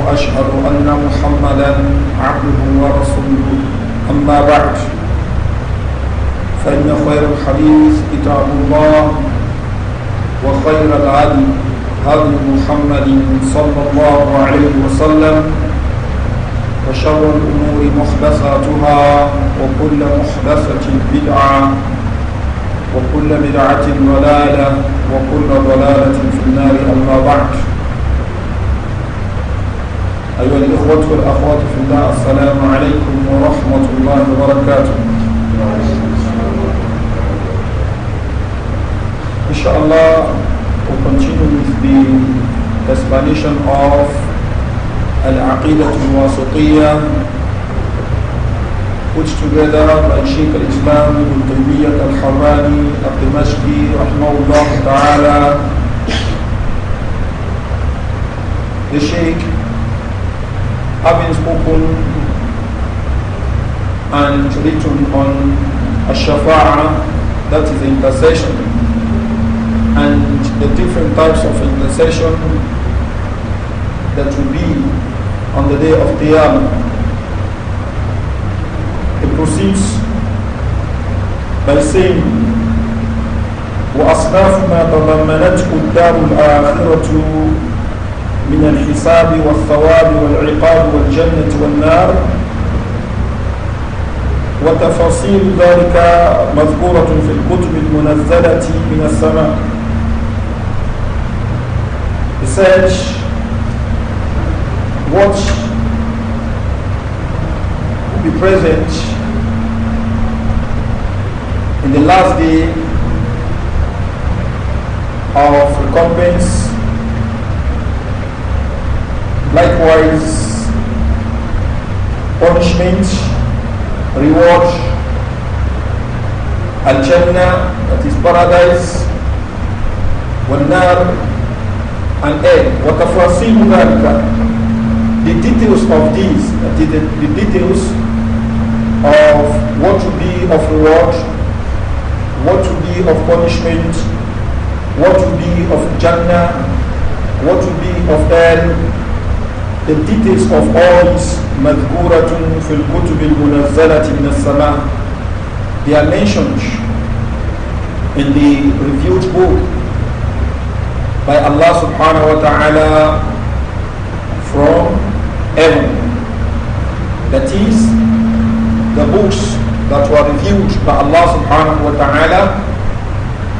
وأشهد أن محمدا عبده ورسوله أما بعد فإن خير الحديث كتاب الله وخير العدل هدي محمد صلى الله عليه وسلم وشر الأمور محدثاتها وكل محدثة بدعة وكل بدعة ضلالة وكل ضلالة في النار أما بعد أيها الإخوة والأخوات في الله السلام عليكم ورحمة الله وبركاته Inshallah, we'll continue with the explanation of Al-Aqidah al-Wasitiyah which together by Sheikh al-Islam ibn Taymiyyah al-Harrani al-Dimashqi rahmahullah ta'ala the Sheikh having spoken and written on Ash-Shafa'ah, is intercession, and the different types of intercession that will be on the day of Qiyamah. It proceeds by saying, وأصناف ما تضمنته الدار الآخرة من الحساب والثواب والعقاب والجنة والنار وتفاصيل ذلك مذكورة في الكتب المنزلة من السماء He said, what will be present in the last day of recompense Likewise, punishment, reward, al-jannah, that is paradise, والنار and air. وتفاصيل ذلك the details of these, the, the details of what to be of reward, what to be of punishment, what to be of Jannah, what to be of hell, the details of all is madhkuratun fil kutub al-munazzalati min as they are mentioned in the revealed book by Allah subhanahu wa ta'ala from heaven that is the books that were revealed by Allah subhanahu wa ta'ala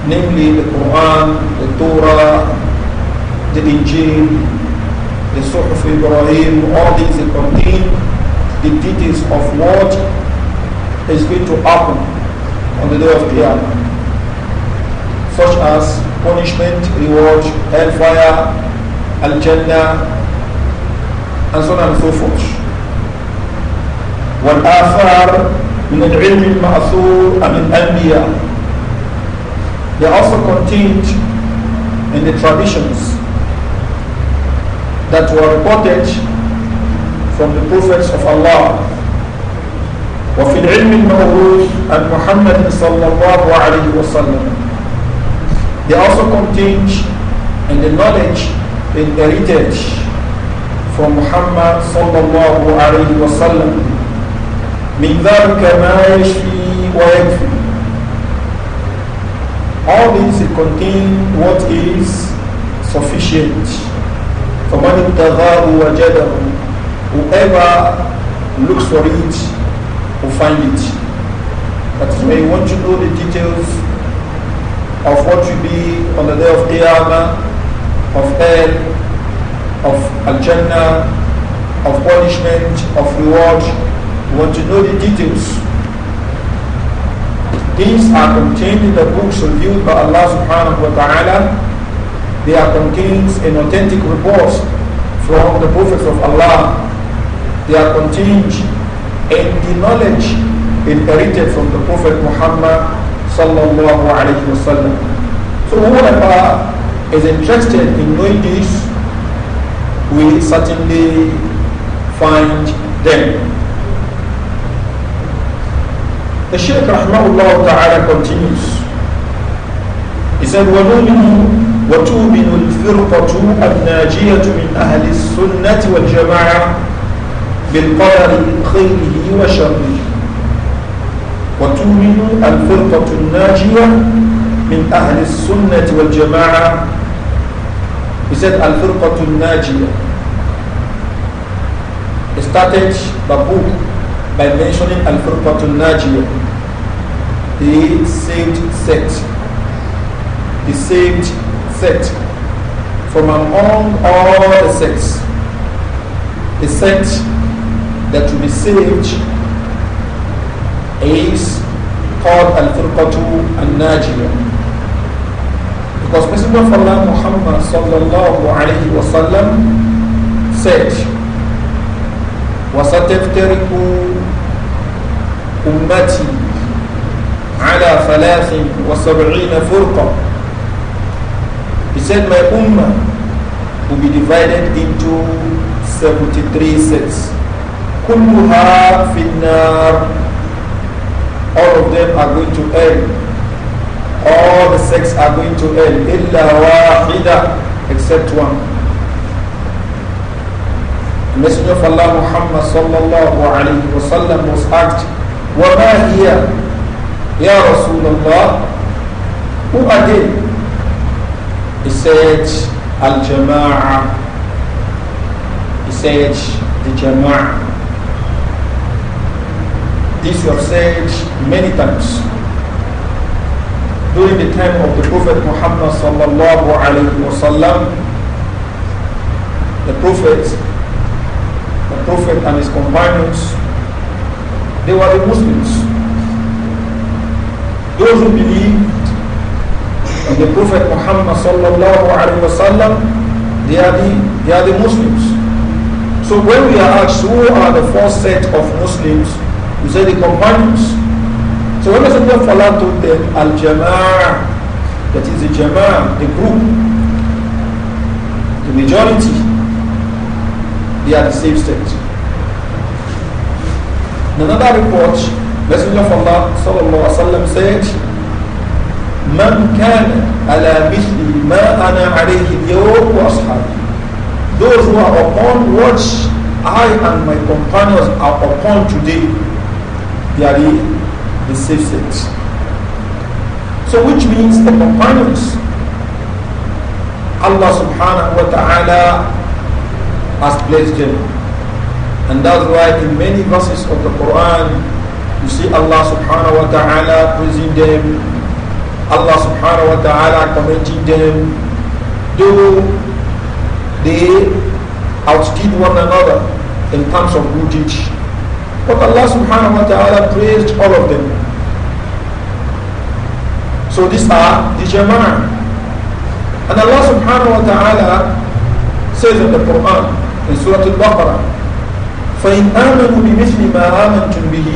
namely the Quran, the Torah, the Injil, the of Ibrahim, all these they contain the details of what is going to happen on the day of Qiyamah, such as punishment, reward, hellfire, al-Jannah, and so on and so forth. والآثار من العلم المأثور عن الأنبياء They also contained in the traditions that were reported from the prophets of Allah. وفي العلم الموروث عن محمد صلى الله عليه وسلم They also contain, in the knowledge inherited from Muhammad صلى الله عليه وسلم من ذلك ما يشفي ويكفي All these contain what is sufficient فَمَنِ ابْتَغَاهُ وَجَدَهُ Whoever looks for it will find it. That is why you want to know the details of what will be on the day of Qiyamah, of hell, of Al-Jannah, of punishment, of reward. You want to know the details. These are contained in the books revealed by Allah subhanahu wa ta'ala there contains an authentic report from the prophets of Allah. They are contained in the knowledge inherited from the Prophet Muhammad sallallahu alaihi wasallam. So whoever is interested in knowing this will certainly find them. The Shaykh Rahmahullah Ta'ala continues. He said, وتؤمن الفرقة الناجية من أهل السنة والجماعة بالقدر خيره وشره وتؤمن الفرقة الناجية من أهل السنة والجماعة He الفرقة الناجية He started the book by mentioning الفرقة الناجية The saved sect The saved sect from among all the sects, the sect that will be saved is called Al-Firqatu Al-Najiyah. Because Messenger of Allah Muhammad sallallahu alayhi wa sallam said, وَسَتَفْتَرِكُ أمتي على ثلاث وسبعين فرقة he said, My ummah will be divided into 73 sets. Kulluha finnar. All of them are going to hell. All the sects are going to hell. Illa wahida. Except one. The Messenger of Allah Muhammad sallallahu alayhi wa sallam was asked, وَمَا هِيَ يَا رَسُولَ اللَّهِ Who are they? He said, Al Jama'ah. He said, the Jama'ah. This you have said many times. During the time of the Prophet Muhammad sallallahu alayhi wasallam, the Prophet, the Prophet and his companions, they were the Muslims. Those who believe of the Prophet Muhammad sallallahu alaihi wasallam, they are the they are the Muslims. So when we are asked who are the first set of Muslims, we say the companions. So when Messenger of Allah told them al jamaa that is the Jama'ah, the group, the majority, they are the same state. In another report, Messenger of Allah sallallahu alaihi wasallam said. من كان على مثل ما أنا عليه اليوم وأصحابي those who are upon what I and my companions are upon today they are the, the safe set so which means the companions Allah subhanahu wa ta'ala has blessed them and that's why in many verses of the Quran you see Allah subhanahu wa ta'ala praising them Allah subhanahu wa ta'ala commending them, do they outdid one another in terms of good deeds. But Allah subhanahu wa ta'ala praised all of them. So these are the Jama'ah. And Allah subhanahu wa ta'ala says in the Quran, in Surah Al-Baqarah, فَإِنْ آمَنُوا بِمِثْلِ مَا آمَنْتُمْ بِهِ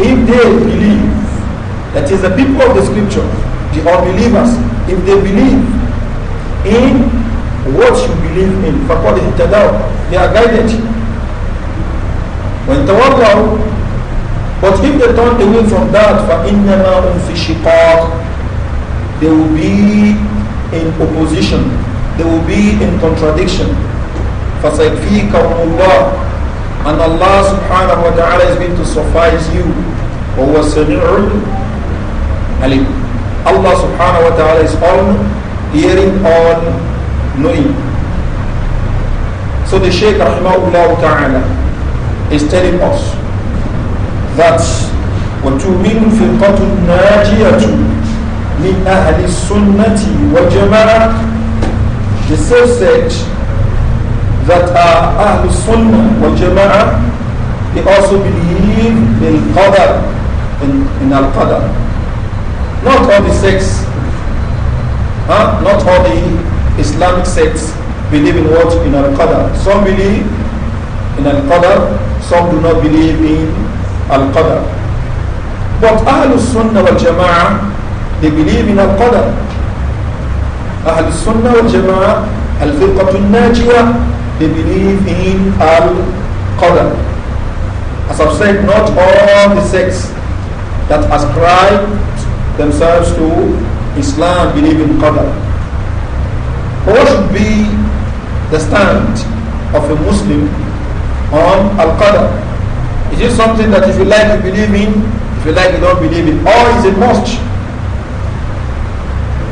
If they believe that is the people of the scripture, the unbelievers, if they believe in what you believe in, فَقَدْ They are guided. When تَوَرَّوْا But if they turn away from that, for inna فِي شِقَاقٍ They will be in opposition. They will be in contradiction. sayfi اللَّهُ And Allah subhanahu wa ta'ala is going to suffice you. وَهُوَ السَّمِيعُ alim. Allah subhanahu wa ta'ala is all hearing, all knowing. So the Shaykh rahmahullah ta'ala is telling us that وتؤمن فرقة ناجية من أهل السنة والجماعة The self said that are أهل السنة والجماعة they also believe in qadar in, in al-qadar Not all the sects, huh? not all the Islamic sects believe in what? In Al-Qadr. Some believe in Al-Qadr, some do not believe in Al-Qadr. But Ahlul Sunnah wal Jama'ah, they believe in Al-Qadr. Ahlul Sunnah wal Jama'ah, Al-Firqatul Najiyah, they believe in Al-Qadr. As I've said, not all the sects that ascribe themselves to Islam, believe in Qadr. What should be the stand of a Muslim on Al-Qadr? Is it something that if you like, you believe in, if you like, you don't believe in, or is it must?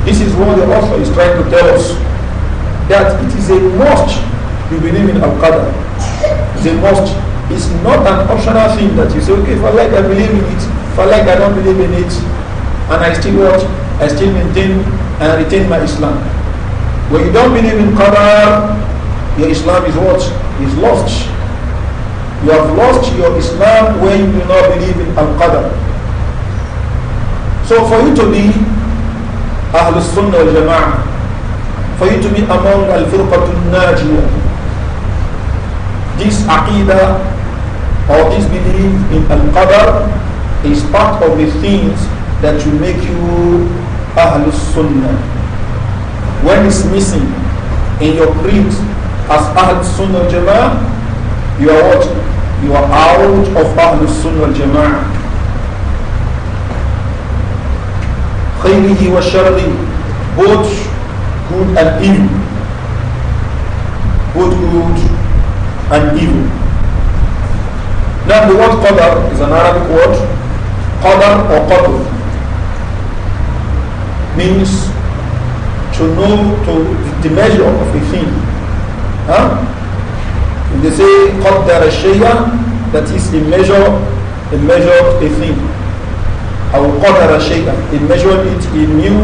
This is what the author is trying to tell us, that it is a must you believe in Al-Qadr. It's a must. It's not an optional thing that you say, okay, if I like, I believe in it. If I like, I don't believe in it and I still watch, I still maintain and retain my Islam. When you don't believe in Qadar, your Islam is what? Is lost. You have lost your Islam when you do not believe in Al-Qadar. So for you to be Ahlul Sunnah wal Jama'ah, for you to be among Al-Firqatul Najiyah, this Aqidah or this belief in Al-Qadar is part of the things that will make you Ahlus Sunnah. When it's missing in your creed as Ahlus Sunnah Jama'ah, you are what? You are out of Ahlus Sunnah Jama'ah. was وشره both good and evil both good and evil now the word qadar is an Arabic word qadar or qadr means to know to the measure of a thing. Huh? they say قدر الشيء that is a measure, a measure of a thing. أو قدر شيئا he measured it, he knew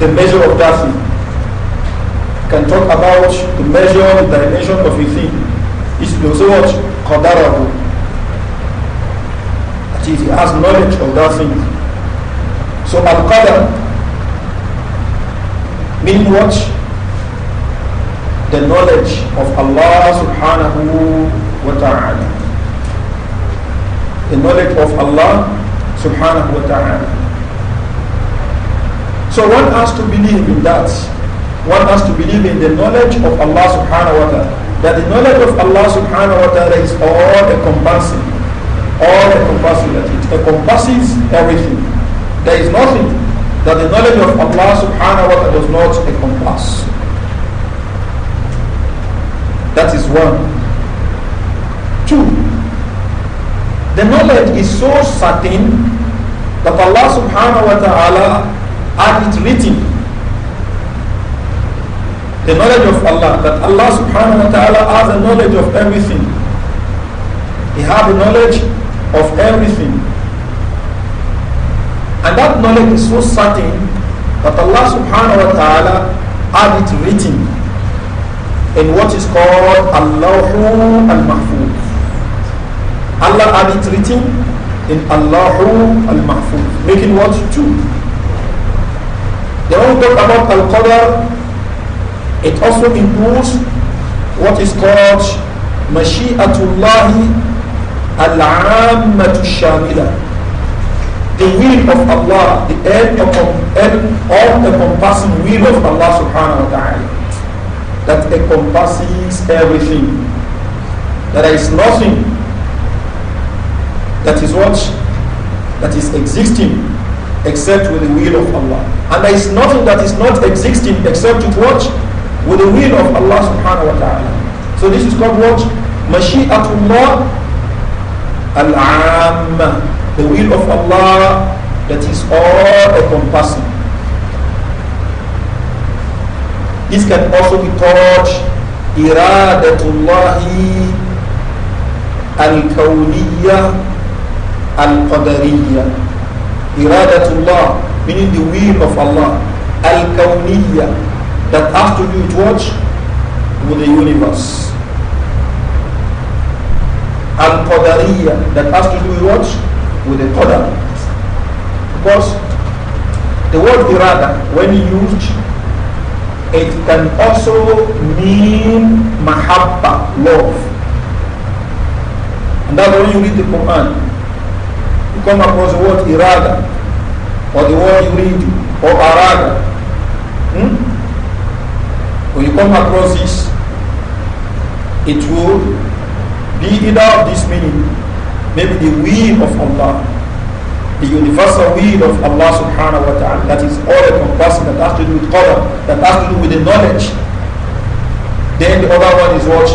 the measure of that thing. Can talk about the measure, the dimension of a thing. It's so what قدره. That is, he has knowledge of that thing. So al-qadar Meaning what? The knowledge of Allah subhanahu wa ta'ala. The knowledge of Allah subhanahu wa ta'ala. So one has to believe in that. One has to believe in the knowledge of Allah subhanahu wa ta'ala. That the knowledge of Allah subhanahu wa ta'ala is all encompassing. All encompassing. That it encompasses everything. There is nothing that the knowledge of Allah subhanahu wa ta'ala does not encompass. That is one. Two, the knowledge is so certain that Allah subhanahu wa ta'ala had it written. The knowledge of Allah, that Allah subhanahu wa ta'ala has a knowledge of everything. He has a knowledge of everything. And that knowledge is so certain that Allah subhanahu wa ta'ala had it written in what is called Allahu al-Mahfuz. Allah had it written in Allahu al-Mahfuz, making what? Two. They all talk about Al-Qadr. It also includes what is called Mashi'atullah al-Ammatu Shamila the will of Allah, the end of all-encompassing will of Allah subhanahu wa ta'ala that encompasses everything. there is nothing that is what that is existing except with the will of Allah. And there is nothing that is not existing except with what? With the will of Allah subhanahu wa ta'ala. So this is called what? Mashi'atullah al-amma the will of Allah that is all encompassing. This can also be called iradatullahi al kawniya al-qadariyya. Iradatullah meaning the will of Allah al kawniya that has to do with With the universe. al qadariya that has to do with what? with the qadar. Because the word irada, when used, it can also mean mahabba, love. And that's when you read the Quran, you come across the word irada, or the word you read or arada. Hmm? When you come across this, it will be either of this meaning maybe the will of Allah, the universal will of Allah subhanahu wa ta'ala, that is all encompassing, that has to do with qadr, that has to do with the knowledge. Then the other one is what?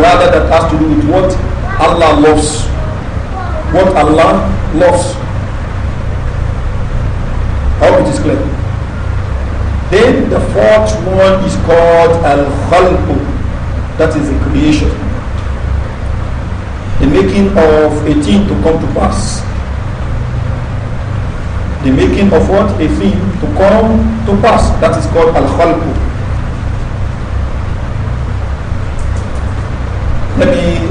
rather that has to do with what Allah loves. What Allah loves. How hope it is clear. Then the fourth one is called Al-Khalq. That is the creation the making of a thing to come to pass. The making of what? A thing to come to pass. That is called al khalqu Let me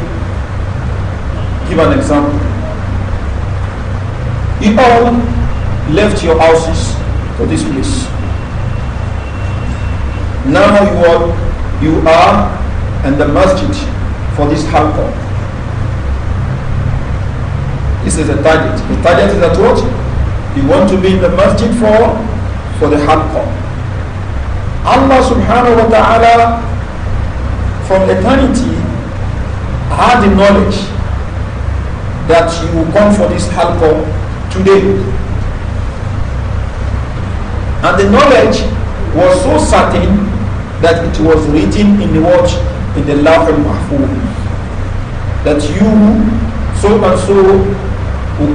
give an example. You all left your houses for this place. Now you are, you are in the masjid for this halqa. This is the target. The target is that what? You want to be in the masjid for, for the haqqah. Allah subhanahu wa ta'ala from eternity had the knowledge that you will come for this haqqah today. And the knowledge was so certain that it was written in the watch in the Lawh al that you so and so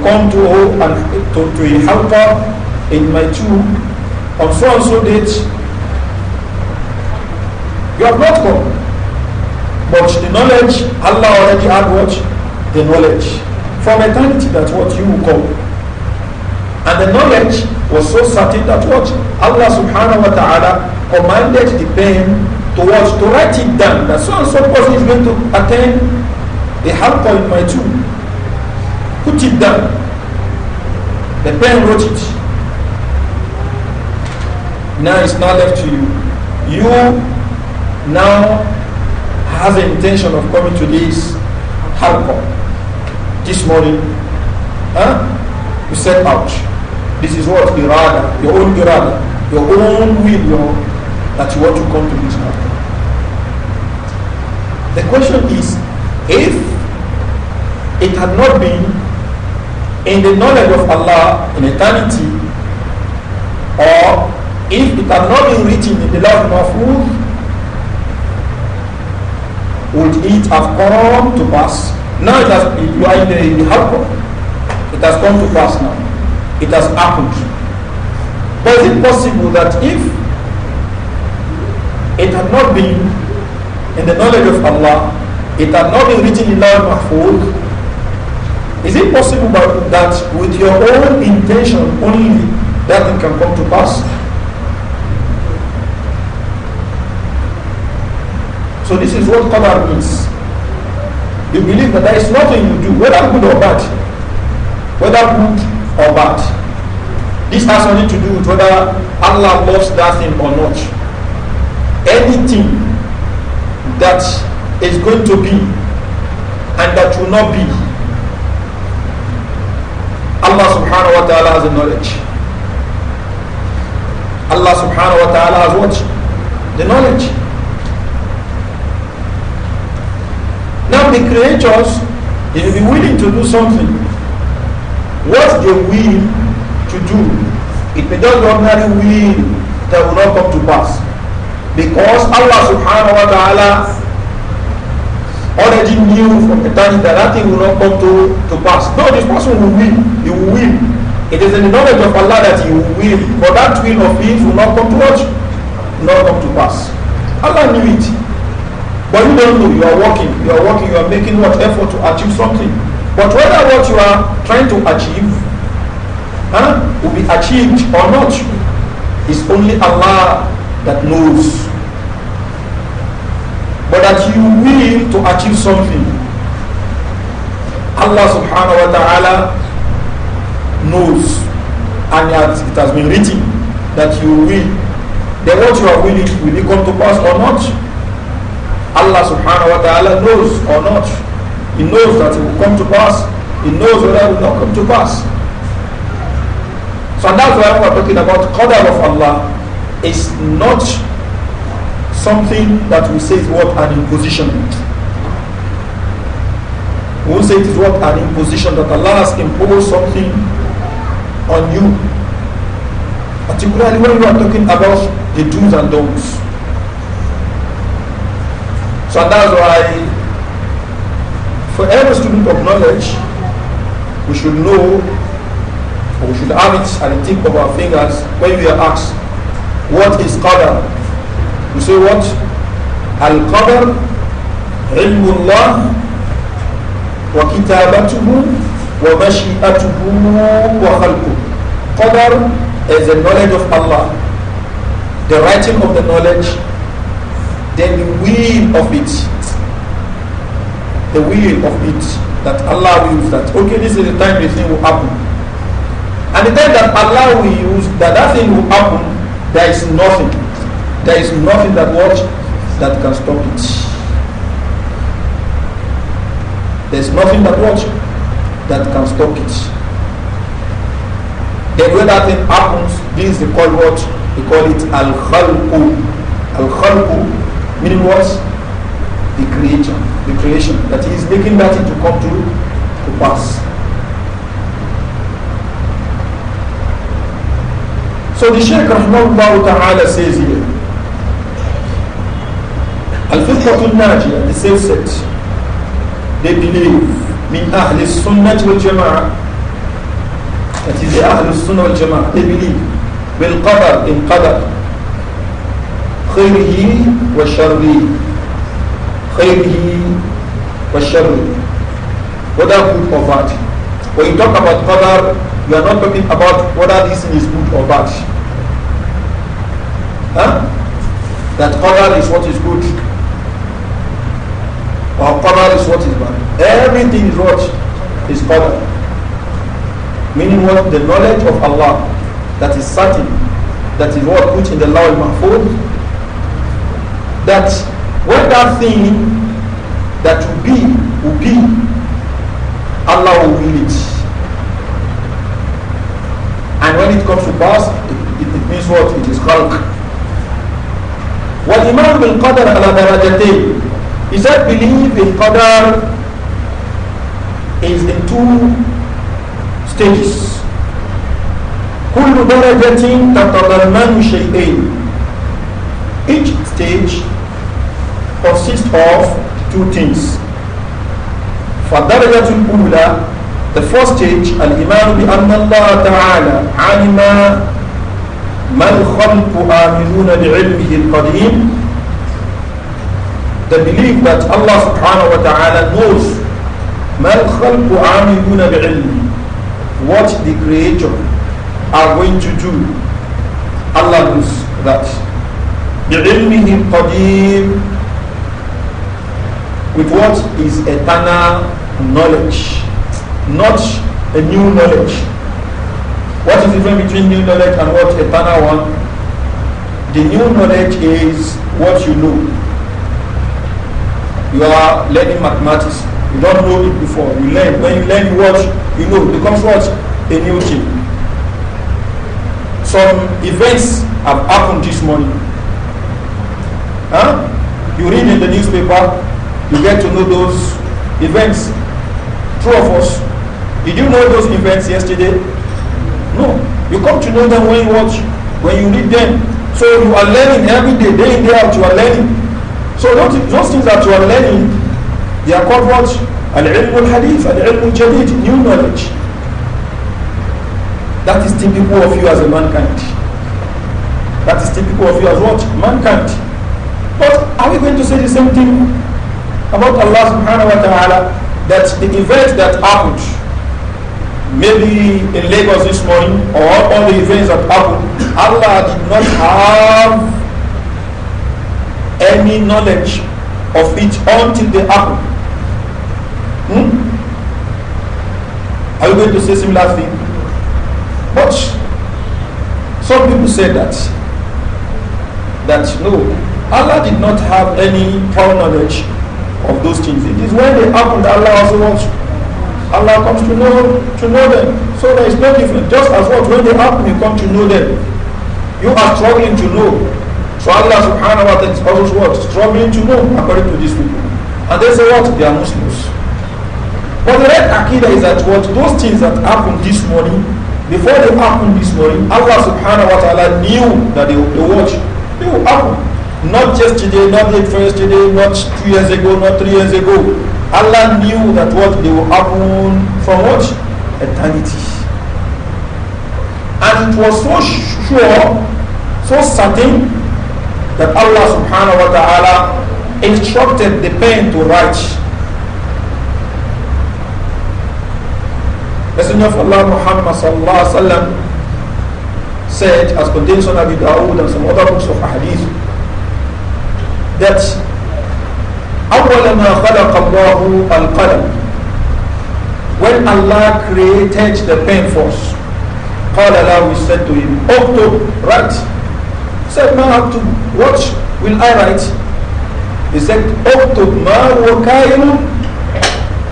come to and to الحلقة in my tomb on so and so date you have not come but the knowledge Allah already had what the knowledge from eternity That's what you will come and the knowledge was so certain that what Allah subhanahu wa ta'ala commanded the pen towards to write it down that so and so person is going to attend the halqa in my tomb put it down. The pen wrote it. Now it's not left to you. You now has the intention of coming to this hardcore this morning. Huh? You set out. This is what irada, your own irada, your own will, know, that you want to come to this hardcore. The question is, if it had not been in the knowledge of Allah in eternity, or if it had not been written in the of Mahfuz, would it have come to pass? Now it has, you are in the, in the hardcore. It has come to pass now. It has happened. But is it possible that if it had not been in the knowledge of Allah, it had not been written in of Mahfuz, Is it possible that with your own intention only that it can come to pass? So this is what qadar means. You believe that there is nothing you do, whether good or bad, whether good or bad. This has nothing to do with whether Allah loves that thing or not. Anything that is going to be and that will not be Allah subhanahu wa ta'ala has a knowledge. Allah subhanahu wa ta'ala has what? The knowledge. Now the creators, they will be willing to do something. What they will to do, it may not ordinary will that will not come to pass. Because Allah subhanahu wa ta'ala already knew from the time that that thing will not come to, to pass. No, this person will win. He will win. It is in the knowledge of Allah that he will win. but that will of his will not come to what? Not come to pass. Allah knew it. But you don't know. You are working. You are working. You are making what effort to achieve something. But whether what you are trying to achieve huh, will be achieved or not, is only Allah that knows but that you willing to achieve something. Allah subhanahu wa ta'ala knows and has, it has been written that you will. The what you are willing will it come to pass or not? Allah subhanahu wa ta'ala knows or not. He knows that it will come to pass. He knows whether it will not come to pass. So that's why we're talking about qadar of Allah is not something that we say is what an imposition. We will say it is what an imposition that Allah has imposed something on you. Particularly when we are talking about the do's and don'ts. So that's why for every student of knowledge, we should know or we should have it at the tip of our fingers when we are asked, what is qadr? You say what? Al-Qadr, Ilmullah, wa kitabatuhu, wa mashi'atuhu, wa khalquhu. Qadr is the knowledge of Allah, the writing of the knowledge, then the will of it. The will of it that Allah will use that. Okay, this is the time this thing will happen. And the time that Allah will use that that thing will happen, there is nothing. There is nothing that what that can stop it. There is nothing that what that can stop it. Then when that thing happens, this is call what? They call it al khalqu. Al khalqu meaning what? The creation. The creation. That he is making that thing to come to, to pass. So the Shaykh Rahman Ta'ala says here, الفرقة الناجية the safe set they believe من أهل السنة والجماعة that is the أهل السنة والجماعة they believe بالقدر إن قدر خيره وشره خيره وشره whether good or bad when you talk about قدر you are not talking about whether this thing is good or bad huh? that قدر is what is good Our qadar is what is man. Everything is what is qadar. Meaning what? The knowledge of Allah that is certain, that is what put in the law al-mahfud, that when that thing that will be, will be, Allah will will it. And when it comes to pass, it, it, means what? It is khalq. وَالْإِمَامُ بِالْقَدَرِ عَلَى دَرَجَتَيْنِ he said belief in Qadar is in two stages. كل درجة تتضمن شيئين. Each stage consists of two things. فالدرجة الأولى The first stage الإيمان بأن الله تعالى علم ما الخلق آمنون بعلمه القديم the belief that Allah subhanahu wa ta'ala knows what the creator are going to do. Allah knows that. بِعِلْمِهِ قَدِيمٌ with what is eternal knowledge, not a new knowledge. What is the difference between new knowledge and what eternal one? The new knowledge is what you know. You are learning mathematics. You don't know it before. You learn. When you learn, you watch. You know. It becomes what? A new thing. Some events have happened this morning. Huh? You read in the newspaper. You get to know those events. Two of us. Did you know those events yesterday? No. You come to know them when you watch, when you read them. So you are learning every day, day in, day out, you are learning. So those things that you are learning, they are called what? Al-ilm al-hadith, al-ilm al-jadid, new knowledge. That is typical of you as a mankind. That is typical of you as what? Mankind. But are we going to say the same thing about Allah subhanahu wa ta'ala that the event that happened maybe in Lagos this morning or all the events that happened, Allah did not have any knowledge of it until they happen. Hmm? Are you going to say similar thing? But some people say that that no, Allah did not have any prior knowledge of those things. It is when they happen that Allah also wants Allah comes to know to know them. So there is no difference. Just as what when they happen, you come to know them. You are struggling to know So Allah subhanahu wa ta'ala is always what? Struggling to know according to these people. And they say what? They are Muslims. But the right Aqidah is that what those things that happened this morning, before they happened this morning, Allah subhanahu wa ta'ala knew that they, would watch. They will happen. Not just today, not yesterday, not two years ago, not three years ago. Allah knew that what they will happen from what? Eternity. And it was so sure, so certain that Allah subhanahu wa ta'ala instructed the pen to write. Messenger of Allah Muhammad sallallahu alaihi wasallam said, as contained in Abu Dawud and some other books of hadith, that أول ما خلق الله القلم when Allah created the pen for us قال له said to him اكتب write said, have to What will I write? He said, أكتب ما هو كائن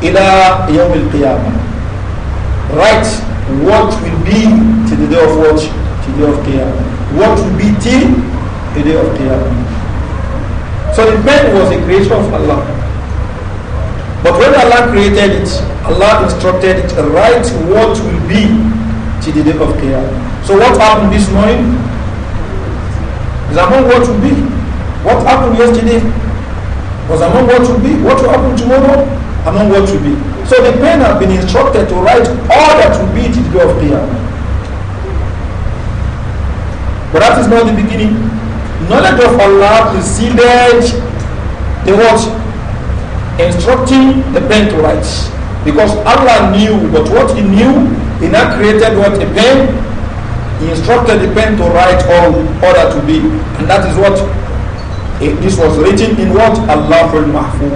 إلى يوم القيامة Write what will be till the day of what? Till the day of Qiyamah. What will be till the day of Qiyamah. So the man was a creation of Allah. But when Allah created it, Allah instructed it, write what will be till the day of Qiyamah. So what happened this morning? is among what will be. What happened yesterday was among what will be. What will happen tomorrow? Among what will be. So the pen has been instructed to write all that will be to the day of Qiyamah. But that is not the beginning. Knowledge of Allah preceded the what? Instructing the pen to write. Because Allah knew, but what he knew, he now created what a pen he instructed the pen to write all order to be. And that is what it, eh, this was written in what? Allah al Mahfuz.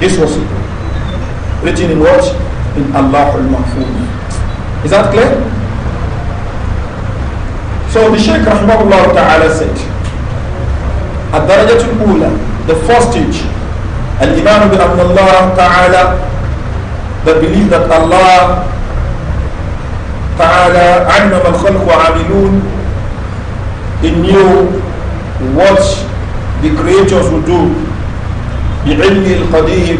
This was written in what? In Allah al Mahfuz. Is that clear? So the Shaykh Rahmahullah Ta'ala said, at Darajatul Ula, the first stage, Al Imam bin Abdullah Ta'ala, the belief that Allah تعالى علم الخلق وعاملون he knew what the creators would do بعلم القدير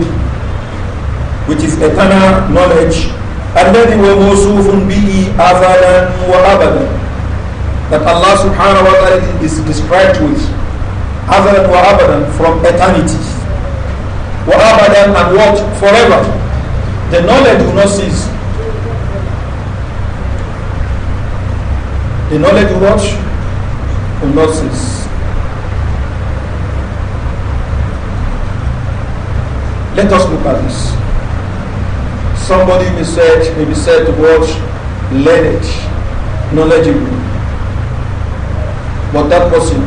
which is eternal knowledge الذي هو موصوف به أزلا وأبدا that Allah subhanahu wa ta'ala is described with أزلا وأبدا from eternity وأبدا and what forever the knowledge will not cease The knowledge of what? Will not cease. Let us look at this. Somebody may, said, may be said to watch learned, knowledgeable. But that person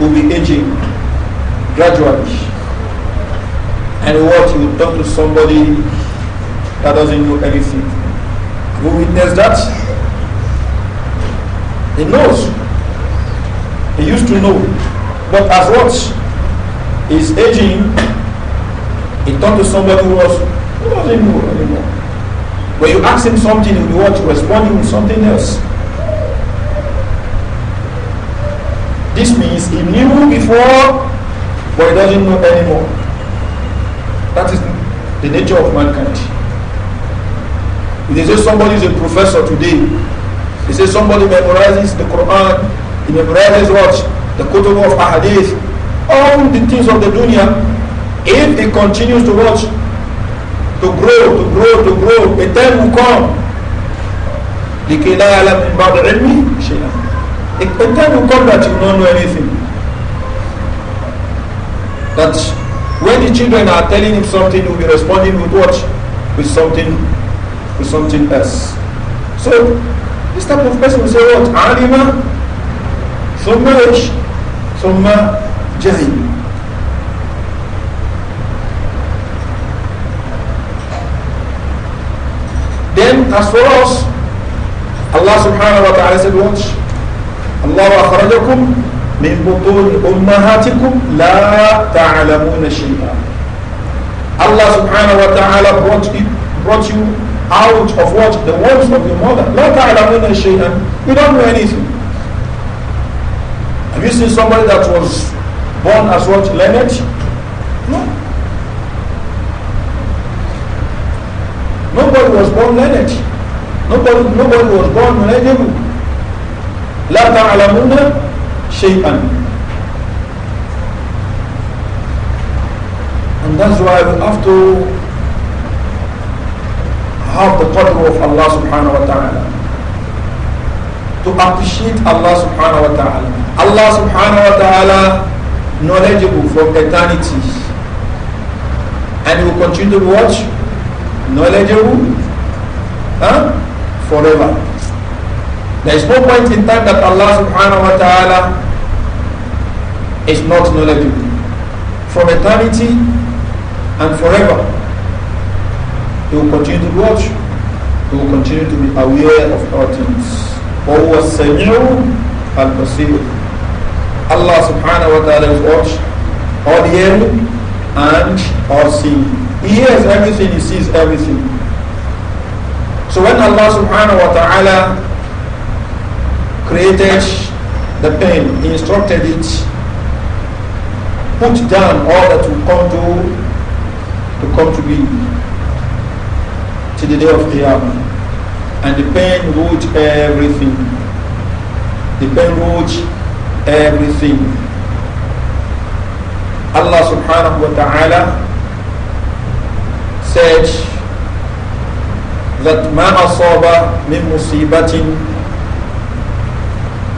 will be aging gradually. And what he will turn to somebody that doesn't know anything. Who witness that he knows. He used to know. But as what is aging, he turned to somebody who was who doesn't know anymore. When you ask him something, he'll be what responding with something else. This means he knew before, but he doesn't know anymore. That is the nature of mankind. If they say somebody is a professor today, he says somebody memorizes the Quran, he memorizes what? The Kutub of Ahadith, all the things of the dunya. If he continues to watch, to grow, to grow, to grow, a time will come. لكي لا يعلم من بعض شيئا. A time will come that you don't know anything. That when the children are telling him something, he'll be responding with what? With something, with something else. So This في of person عالمة say what? ثم جهل Then as for us, Allah subhanahu wa ta'ala said watch. Allah akhrajakum min butun ummahatikum la ta'lamuna shay'a. Allah subhanahu wa ta'ala brought you, brought you out of what? The words of your mother. Not Ta'lamuna Shaytan. You don't know anything. Have you seen somebody that was born as what? Learned? No. Nobody was born learned. Nobody, nobody was born knowledgeable. لا تعلمون شيئا And that's why we have to have the qadr of Allah subhanahu wa ta'ala. To appreciate Allah subhanahu wa ta'ala. Allah subhanahu wa ta'ala knowledgeable from eternity. And he will continue to watch knowledgeable huh? forever. There is no point in time that Allah subhanahu wa ta'ala is not knowledgeable. From eternity and forever. He will continue to watch. He will continue to be aware of all things. وَهُوَ السَّمِيعُ الْبَصِيرُ Allah subhanahu wa ta'ala is watch, All hearing and all seeing. He hears everything, he sees everything. So when Allah subhanahu wa ta'ala created the pen, he instructed it, put down all that will come to, to come to be to the day of Qiyamah. And the pain ruled everything. The pain ruled everything. Allah subhanahu wa ta'ala said that ما asaba من مصيبة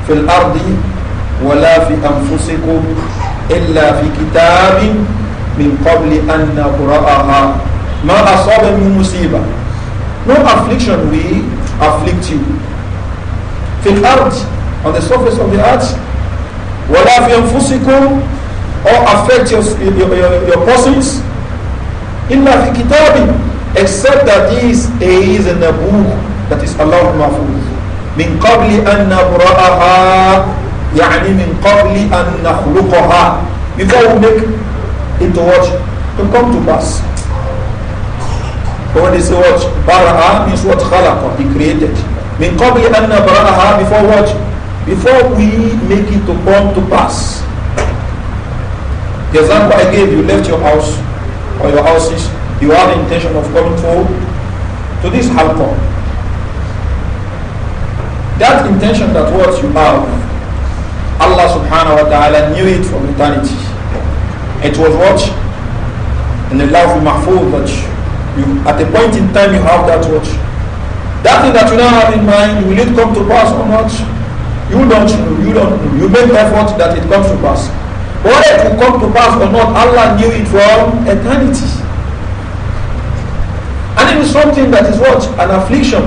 في الأرض ولا في أنفسكم إلا في كتاب من قبل أن نقرأها ما أصاب من مصيبة no affliction will afflict you. Fil art, on the surface of the earth, wala fi anfusikum, or affect your, your, your, your persons, illa fi kitabin, except that this is in the book that is Allah Mahfuz. من قبل أن نبرأها يعني من قبل أن نخلقها before we make it to watch to come to pass. But when they say what? Bara'a means what? Khalaqa, he created. Min qabli anna bara'aha, before what? Before we make it to come to pass. The example I gave, you left your house or your houses, you have the intention of coming to, to this halqa. That intention that what you have, Allah subhanahu wa ta'ala knew it from eternity. It was what? In the love of Mahfuz that you, at a point in time, you have that watch. That thing that you now have in mind, will it come to pass or not? You don't know. You don't know. You make effort that it comes to pass. Whether it will come to pass or not, Allah knew it from eternity. And it is something that is what? An affliction.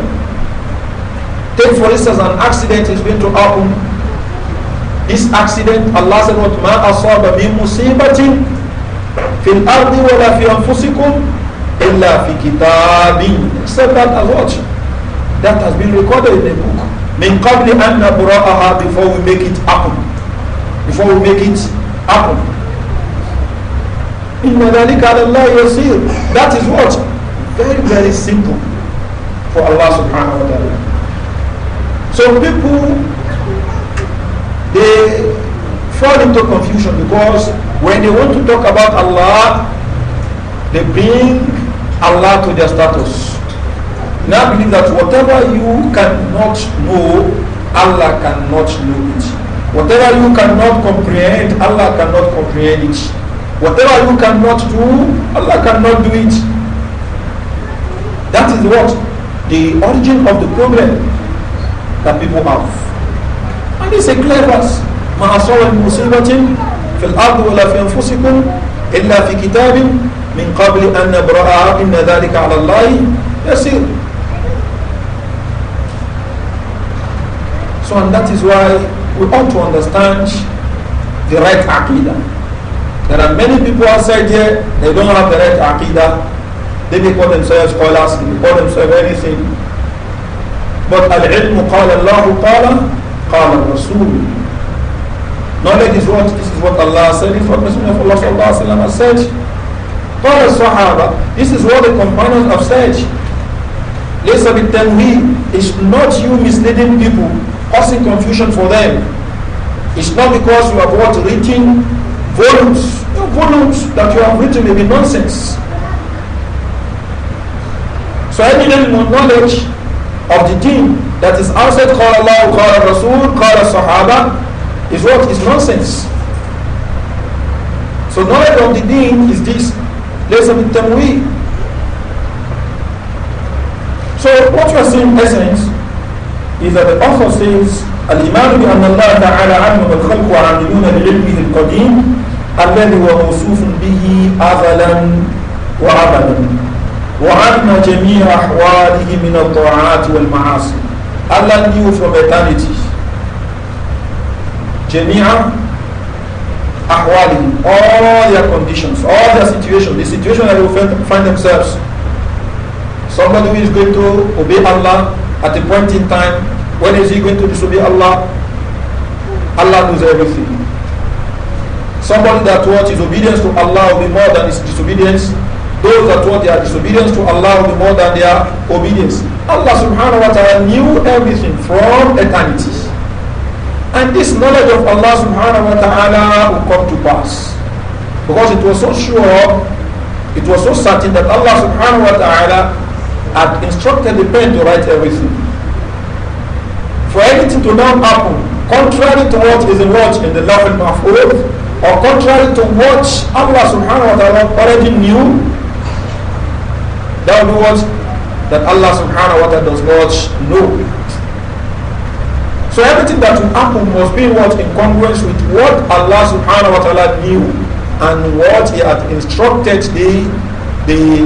Take for instance an accident is going to happen. This accident, Allah said what? مَا أَصَابَ مِن مُصِيبَةٍ ardi wa la fi anfusikum. Except that as what? That has been recorded in the book. Before we make it happen. Before we make it happen. إِنَّ ذَلِكَ عَلَى اللَّهِ يَسِيرٌ That is what? Very, very simple for Allah subhanahu wa ta'ala. So people, they fall into confusion because when they want to talk about Allah, they bring Allah to their status. Now believe that whatever you cannot know, Allah cannot know it. Whatever you cannot comprehend, Allah cannot comprehend it. Whatever you cannot do, Allah cannot do it. That is what the origin of the problem that people have. And it's a clear verse. ما أصاب من مصيبة في الأرض ولا في أنفسكم إلا في كتاب من قبل أن نبرأها إن ذلك على الله يسير So and that is why we ought to understand the right aqidah. There are many people outside here, they don't have the right aqidah. They may call themselves scholars, they call themselves anything. But al-ilmu qala Allah qala qala Rasul. Knowledge is what, this is what Allah said, this is what Messenger of Allah has said. قال الصحابة this is what the companions have said ليس me: it's not you misleading people causing confusion for them it's not because you have what written volumes no volumes that you have written may be nonsense so evident knowledge of the deen that is outside قال الله قال الرسول قال الصحابة is what is nonsense so knowledge of the deen is this ليس بالتمويه So what you are saying in essence is that the author says الإيمان بأن الله تعالى علم والخلق عاملون بعلمه القديم الذي هو موصوف به أزلا وأبدا وعلم جميع أحواله من الطاعات والمعاصي Allah knew from eternity جميع ahwalihim, all their conditions, all their situation, the situation that they find themselves. Somebody who is going to obey Allah at a point in time, when is he going to disobey Allah? Allah knows everything. Somebody that wants his obedience to Allah will be more than his disobedience. Those that want their disobedience to Allah will be more than their obedience. Allah subhanahu wa ta'ala knew everything from eternity. And this knowledge of Allah subhanahu wa ta'ala will come to pass. Because it was so sure, it was so certain that Allah subhanahu wa ta'ala had instructed the pen to write everything. For anything to not happen, contrary to what is in what in the love and earth, or contrary to what Allah subhanahu wa ta'ala already knew, that would be what? That Allah subhanahu wa ta'ala does not know. So everything that will happen must be what in congruence with what Allah subhanahu wa ta'ala knew and what he had instructed the the,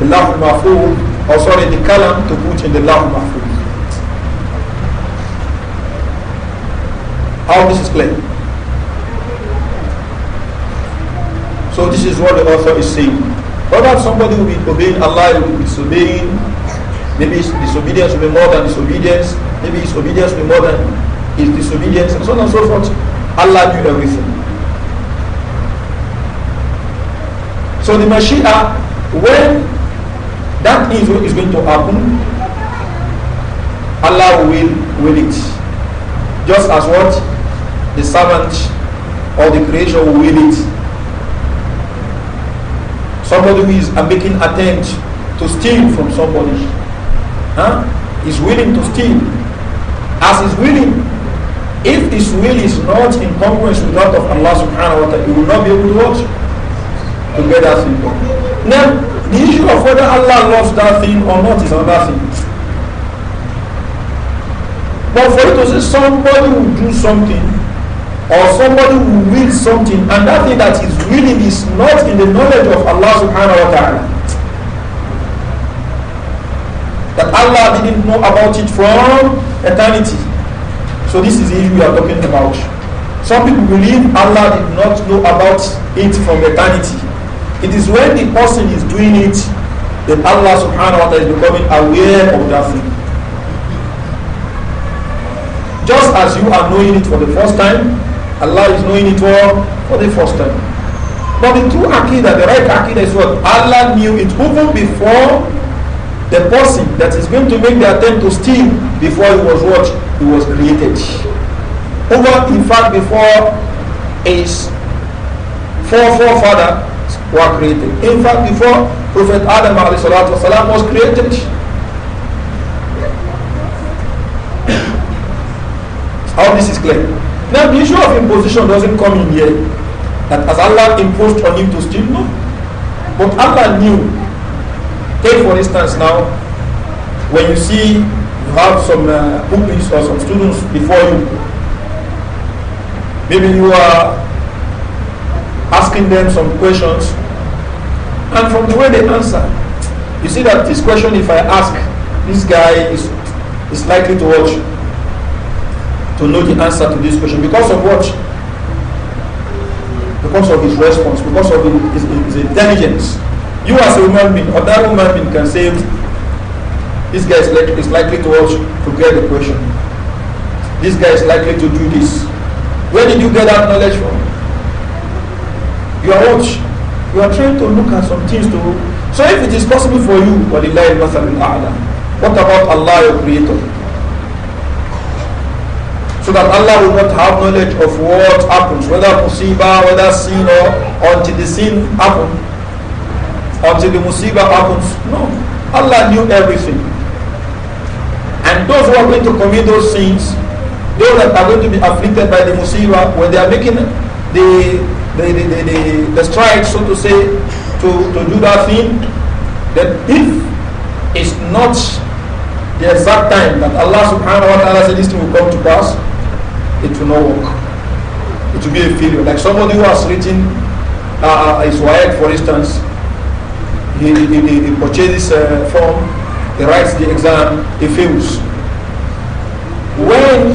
the Lahu Mahfud or sorry the Kalam to put in the Lahu Mahfud. How this is clear? So this is what the author is saying. Whether somebody will be obeying Allah, will be disobeying, maybe disobedience will be more than disobedience, Maybe his obedience to more than his disobedience, and so on and so forth. Allah knew everything. So the Mashiach, when that is what is going to happen, Allah will will it. Just as what the servant or the creation will will it. Somebody who is making attempt to steal from somebody huh, is willing to steal as his willing. If his will is not in congruence with that of Allah subhanahu wa ta'ala, he will not be able to watch to get that thing done. Now, the issue of whether Allah loves that thing or not is another thing. But for it to say somebody will do something or somebody will will something and that thing that is willing is not in the knowledge of Allah subhanahu wa ta'ala. That Allah didn't know about it from eternity. So this is the issue we are talking about. Some people believe Allah did not know about it from eternity. It is when the person is doing it that Allah subhanahu wa ta'ala is becoming aware of that thing. Just as you are knowing it for the first time, Allah is knowing it all for the first time. But the true Aqidah, the right Aqidah is what Allah knew it even before the person that is going to make the attempt to steal before he was what he was created over in fact before his forefathers were created in fact before prophet adam والسلام, was created all this is clear now the issue of imposition doesn't come in here that as allah imposed on him to steal no but allah knew Take for instance now, when you see you have some uh, pupils or some students before you, maybe you are asking them some questions, and from the way they answer, you see that this question, if I ask, this guy is, is likely to watch, to know the answer to this question. Because of what? Because of his response, because of his, his, his intelligence. You as a human being or that human being can say, this guy is, like, is likely to also to get the question. This guy is likely to do this. Where did you get that knowledge from? You are what? You are trying to look at some things to. So if it is possible for you, what about Allah, your creator? so that Allah will not have knowledge of what happens, whether musiba, whether sin, or until the sin happens until the musibah happens. No. Allah knew everything. And those who are going to commit those sins, those that are going to be afflicted by the musibah, when they are making the the, the, the, the, the strike, so to say, to, to do that thing, that if it's not the exact time that Allah subhanahu wa ta'ala said this thing will come to pass, it will not work. It will be a failure. Like somebody who has written uh, uh his wife, for instance, he, he, he, he purchases a uh, form, he writes the exam, he fails. When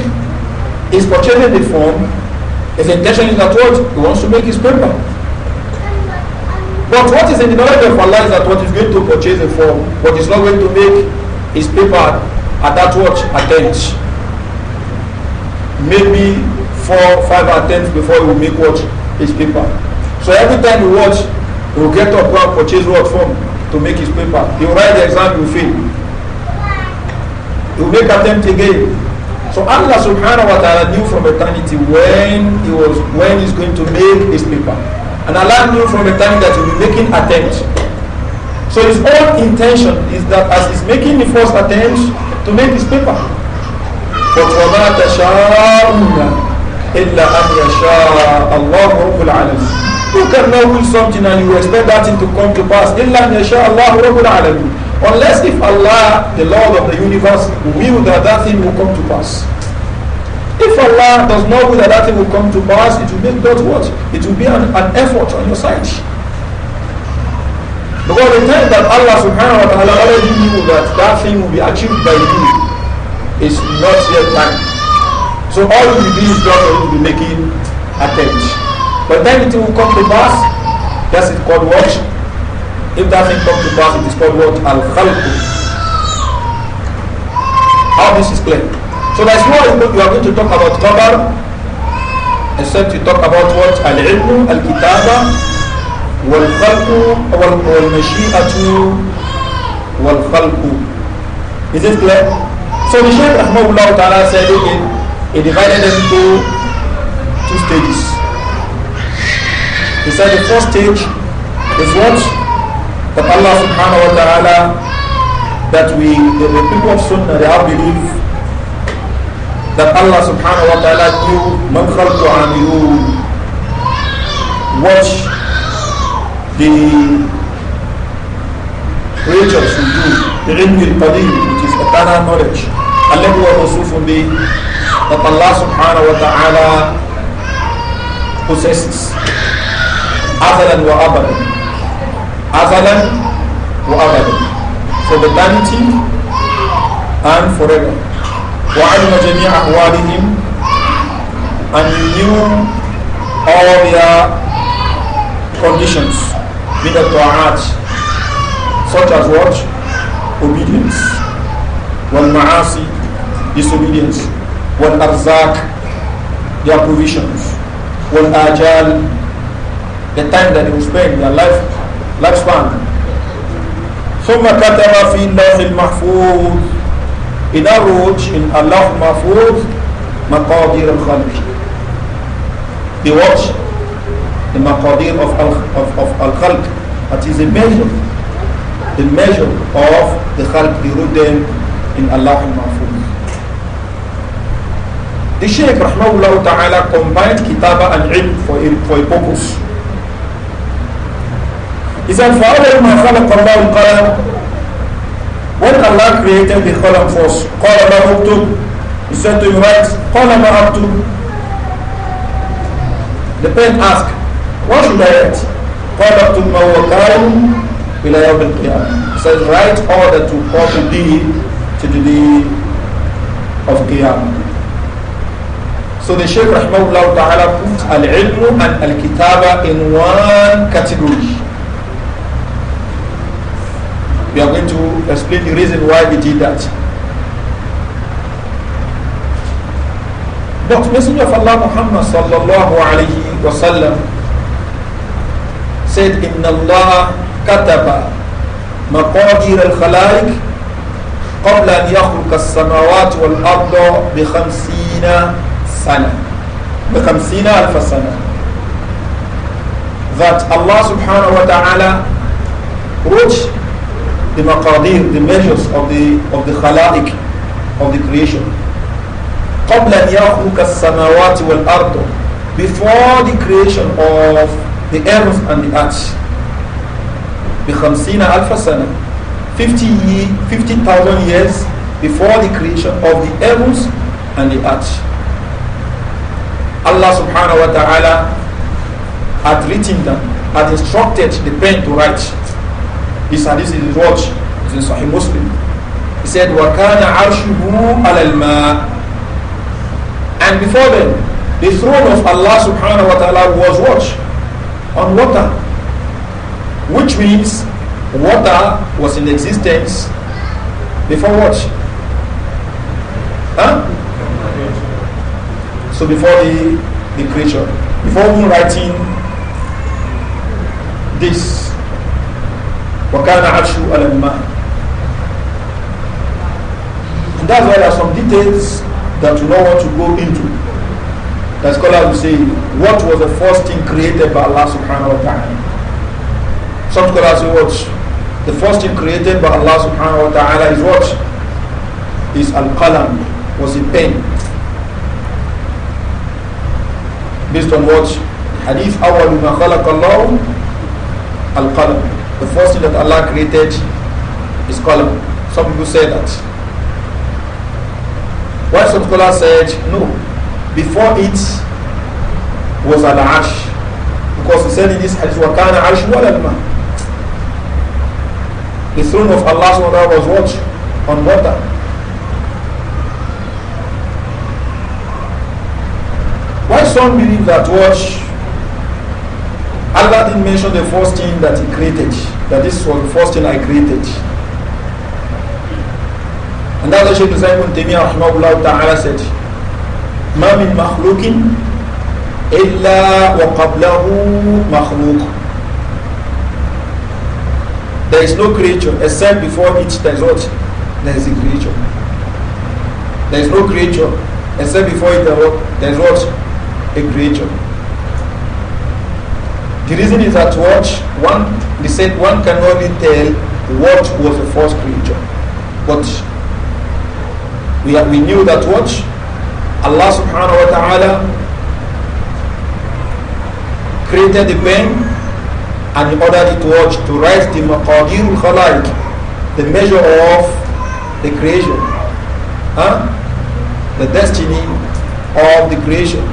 he's purchasing the form, his intention is that what? He wants to make his paper. But what is in the knowledge of Allah is that what is going to purchase a form, but is not going to make his paper at that watch attempt. Maybe four, five attempts before he will make what his paper. So every time you watch, He will get up and purchase what form to make his paper. He will write the exam, he will fail. He will make attempt again. So Allah subhanahu wa ta'ala knew from eternity when he was when he's going to make his paper. And Allah knew from eternity that he will be making attempts. So his own intention is that as he's making the first attempt to make his paper. But وَمَا تَشَاءُونَ إِلَّا أَنْ يَشَاءَ Allah رَبُّ الْعَالَمِينَ Who can cannot will something and you expect that thing to come to pass. Unless if Allah, the Lord of the universe, will that that thing will come to pass. If Allah does not will that that thing will come to pass, it will make that what? It will be an, an effort on your side. Because the time that Allah subhanahu wa ta'ala already knew that that thing will be achieved by you is not yet time. So all you will be is just you will be making attempt. But then it will come to pass. That's it called what? If that thing comes to pass, it is called what? Al khalqu. How this is clear. So that's why you are going to talk about Qabar, except you talk about what? Al ilm, al kitaba, wal khalqu, wal mashi'atu, wal khalqu. Is it clear? So the Shaykh Ahmadullah Ta'ala said, okay, he divided them into two stages. He said the first stage is what? That Allah subhanahu wa ta'ala, that we, the, the people of Sunnah, they all believe that Allah subhanahu wa ta'ala knew man khalqu amilun what the creatures will do the ilm qadim which is eternal knowledge Allah huwa masufun bi that Allah subhanahu wa ta'ala possesses azalan wa abadan. Azalan wa abadan. For the vanity and forever. وعلم جميع أحوالهم and knew all their conditions من الطاعات such as what? Obedience والمعاصي disobedience والأرزاق their provisions والآجال the time that they will spend, their life lifespan. ثم كتب في اللوح المحفوظ إن wrote in اللوح المحفوظ مقادير الخلق They watch the مقادير of, of, of الخلق that is a measure the measure of the help they wrote them in Allah al-Mahfuz the Shaykh Rahmahullah Ta'ala combined Kitaba and Ilm for a, for a purpose he said, فَأَوَّلُ مَا خَلَقَ اللَّهُ الْقَلَمَ When Allah created the column first, قَالَ مَا أُكْتُبْ He said to him, write, قَالَ مَا أَكْتُبْ The pen asked, what should I write? قَالَ to مَا وَقَالُمْ إِلَى يَوْمِ الْقِيَامَةِ He said, write order that will to thee to the day of Qiyamah. So the Shaykh Rahmahullah Ta'ala put al-ilm and al-kitaba in one category. We are going to explain the reason why we did that. But Messenger of Allah Muhammad sallallahu alayhi wa sallam said, Inna Allah kataba maqadir al-khalaik قبل أن يخلق السماوات والأرض بخمسين سنة بخمسين ألف سنة that Allah subhanahu wa ta'ala wrote the maqadir, the measures of the of the khalaiq, of the creation. قبل يخلق السماوات والأرض before the creation of the heavens and the earth بخمسين ألف سنة 50,000 years before the creation of the heavens and the earth Allah subhanahu wa ta'ala had written them had instructed the pen to write this hadith is what? It's in Sahih Muslim. He said, وَكَانَ عَرْشُهُ عَلَى الْمَاءِ And before then, the throne of Allah subhanahu wa ta'ala was what? On water. Which means water was in existence before what? Huh? So before the, the creature. Before even writing this وَكَانَ عَرْشُهُ عَلَى الْمَاءِ And that's why there are some details that you don't want to go into. The scholars will say, what was the first thing created by Allah subhanahu wa ta'ala? Some scholars say, what? The first thing created by Allah subhanahu wa ta'ala is what? Is al-qalam, was a pen. Based on what? Hadith, al ما خلق الله the first thing that Allah created is column. Some people say that. Why some scholars said, no, before it was an ash. Because he said in this hadith, وَكَانَ عَرْشُ وَلَلْمَا The throne of Allah was what? On water. Why some believe that watch Allah didn't mention the first thing that He created, that this was the first thing I created. And that's what Shaykh Islam ibn Taymiyyah ta'ala said, مَا مِن مَخْلُوقٍ إِلَّا وَقَبْلَهُ مَخْلُوقٌ there is no creature except before it there is what? There is a creature. There is no creature except before it there is what? A creature. The reason is that what one they said one can only tell what was the first creature. But we, have, we knew that what Allah subhanahu wa ta'ala created the pen and he ordered it to watch to write the maqadir al the measure of the creation huh? the destiny of the creation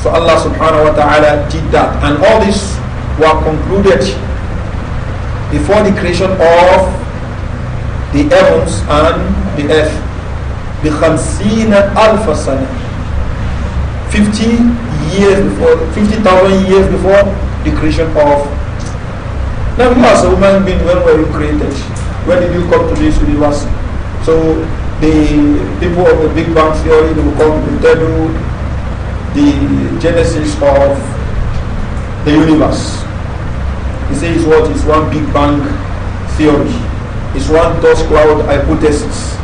so Allah subhanahu wa ta'ala did that. And all this were concluded before the creation of the heavens and the earth. بِخَمْسِينَ أَلْفَ سَنَةً 50 years before, 50,000 years before the creation of. Now you as a human being, when were you created? When did you come to this universe? So the people of the Big Bang Theory, they will come, to tell you the genesis of the universe. He says what is one big bang theory. It's one dust cloud hypothesis.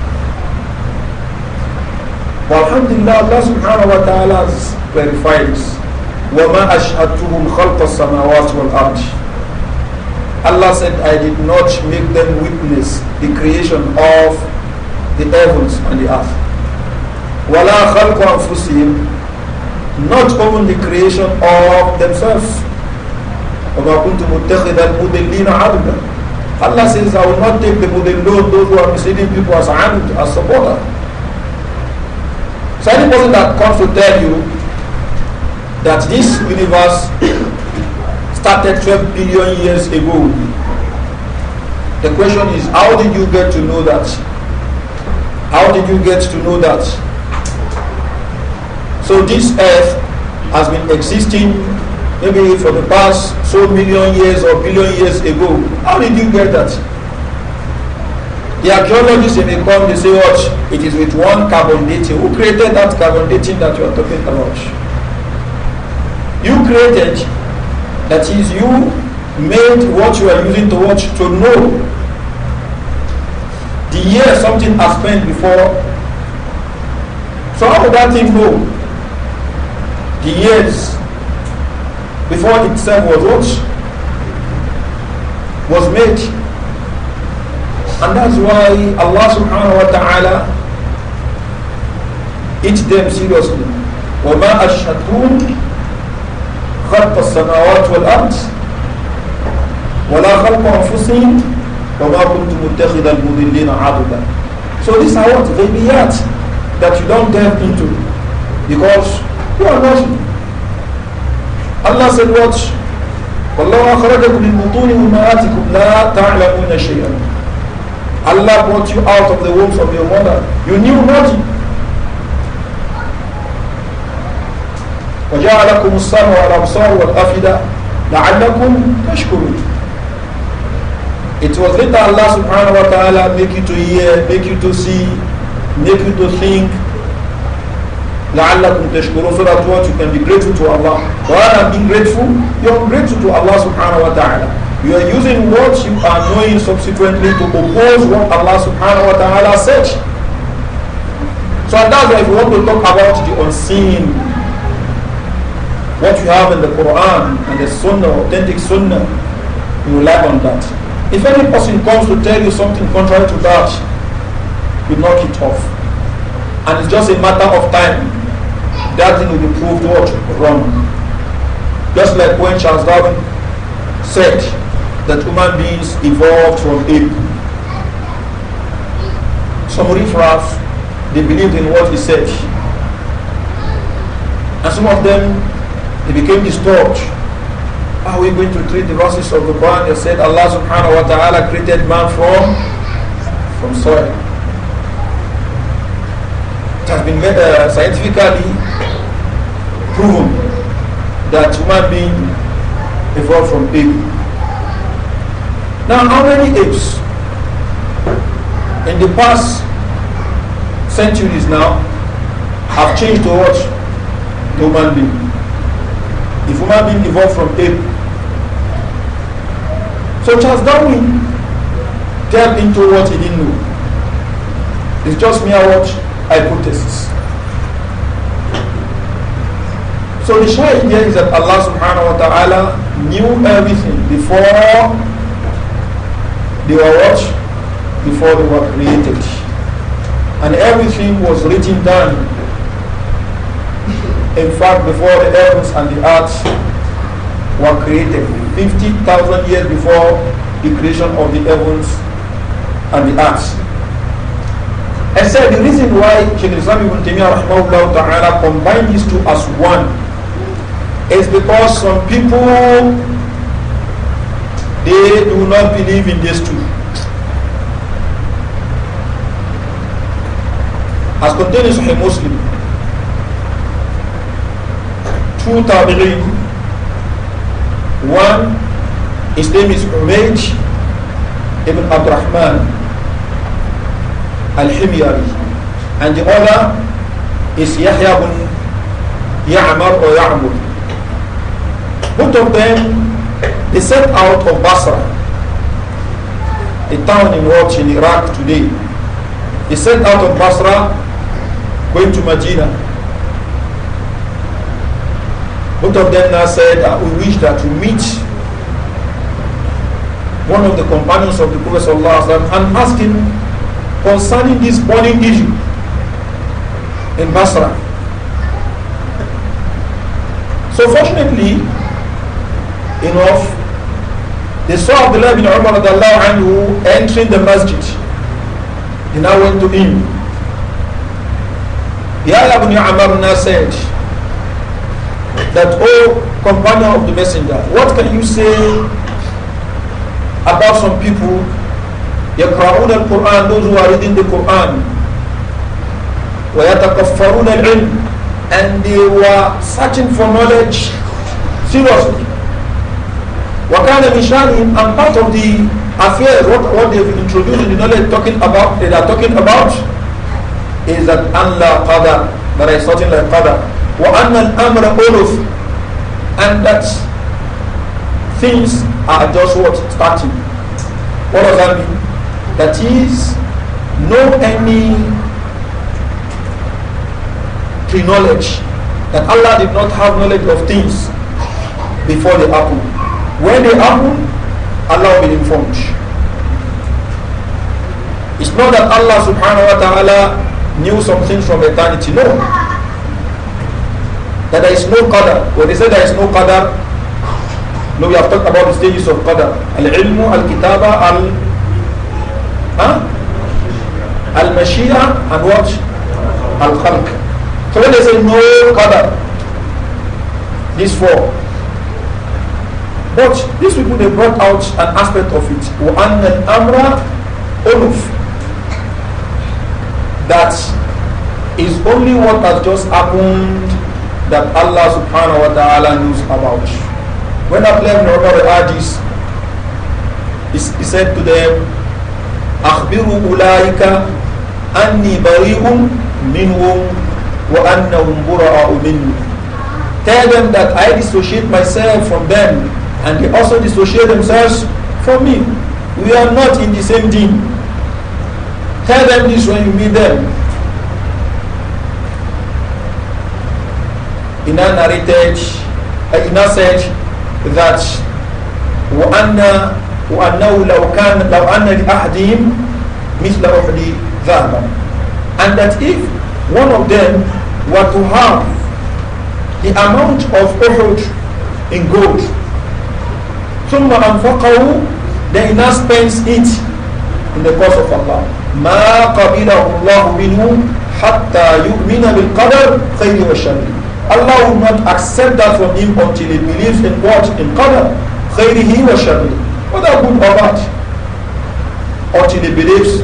But alhamdulillah, Allah subhanahu wa ta'ala has clarified وَمَا أَشْهَدْتُهُمْ خَلْقَ السَّمَاوَاتِ وَالْأَرْضِ Allah said, I did not make them witness the creation of the heavens and the earth. وَلَا خَلْقَ أَنفُسِهِمْ not even the creation of themselves. Allah says, I will not take the mudillun, those who are misleading people as amd, as supporter. So any person that comes to tell you that this universe started 12 billion years ago, the question is, how did you get to know that? How did you get to know that? So this earth has been existing maybe for the past so million years or billion years ago. How did you get that? The archaeologists may come, they say, "Watch, It is with one carbon dating. Who created that carbon dating that you are talking about? You created, that is, you made what you are using to watch to know the year something has spent before. So how would that thing know? the years before itself was what was made. And that's why Allah subhanahu wa ta'ala eat them seriously. وَمَا أَشْهَدْهُمْ خَلْقَ السَّمَاوَاتِ وَالْأَرْضِ وَلَا خَلْقَ أَنفُسِهِمْ وَمَا كُنْتُ مُتَّخِذَ الْمُضِلِّينَ عَضُدًا So these are what? Ghaibiyat that you don't delve into because You are logical. Allah said, Watch. والله أخرجكم من بطون أمهاتكم لا تعلمون شيئا Allah brought you out of the womb from your mother. You knew nothing. وجعلكم السمع والأبصار والأفئدة لعلكم تشكرون. It was later Allah subhanahu wa ta'ala make you to hear, make you to see, make you to think, لَعَلَّكُمْ تَشْكُرُونَ So that what you can be grateful to Allah. Rather than being grateful, you're grateful to Allah subhanahu wa ta'ala. You are using what you are knowing subsequently to oppose what Allah subhanahu wa ta'ala said. So that's why if you want to talk about the unseen, what you have in the Quran and the Sunnah, authentic Sunnah, you rely on that. If any person comes to tell you something contrary to that, you knock it off. And it's just a matter of time that thing will be proved what? Wrong. Just like when Charles Darwin said that human beings evolved from ape. Some riffraff, they believed in what he said. And some of them, they became disturbed. are we going to treat the verses of the Quran that said Allah subhanahu wa ta'ala created man from, from soil? It has been uh, scientifically proven that human being evolved from ape. Now, how many apes in the past centuries now have changed to what? Human being. If human being evolved from ape, so Charles Darwin delved into what he didn't know. It's just mere watch hypothesis. So the shahid here is that Allah subhanahu wa ta'ala knew everything before they were what? Before they were created. And everything was written down. In fact, before the heavens and the earth were created, 50,000 years before the creation of the heavens and the earth. I said the reason why Sheikh Islam ibn Taymiyyah combined these two as one is because some people they do not believe in these two. As contained in Sahih Muslim, two tabi'in, one, his name is Umayj ibn Abdurrahman al-Himyari, and the other is Yahya ibn Ya'mar or Ya'mur. Both of them, they set out of Basra, a town in what in Iraq today. They set out of Basra, going to Medina. Both of them now said, uh, we wish that we meet one of the companions of the Prophet and ask him concerning this burning issue in Basra. So fortunately, enough. They saw Abdullah bin Umar anhu entering the masjid. He now went to him. Yahya ibn of now said that, O companion of the messenger, what can you say about some people, يقرؤون القرآن, those who are reading the Quran, ويتكفرون العلم, and they were searching for knowledge seriously. وَكَانَ مِنْ شَانِهِمْ And part of the affair, what, what they've introduced in the knowledge talking about, they are talking about, is that أَنْ I'm something like qada, وَأَنَّ الْأَمْرَ أُلُفْ And that things are just what? Starting. What does that mean? That is, no any pre-knowledge that Allah did not have knowledge of things before they happen. When they happen, Allah will inform informed. It's not that Allah subhanahu wa ta'ala knew something from eternity. No. That there is no qadr. When they say there is no qadr, no, we have talked about the stages of qadr. Al-ilmu, al-kitaba, al- huh? al-mashia, and what? Al-khalq. So when they say no qadr, these four, but these people, they brought out an aspect of it. وَأَنَّ الْأَمْرَ That is only what has just happened that Allah subhanahu wa ta'ala knows about. When I ibn Umar the this, he said to them, أخبروا أولئك أني بريء منهم وأنهم براء مني. Tell them that I dissociate myself from them and they also dissociate themselves from me. We are not in the same team. Tell them this when you meet them. He now narrated, uh, he now said that وأن وأنه لو كان لو أن لأحدهم مثل أحد ذهبا and that if one of them were to have the amount of Uhud in gold ثم أنفقه they now spends it in the cause of Allah ما قبله الله منه حتى يؤمن بالقدر خير وشر Allah will not accept that from him until he believes in what? In قدر خيره وشر whether good or bad until he believes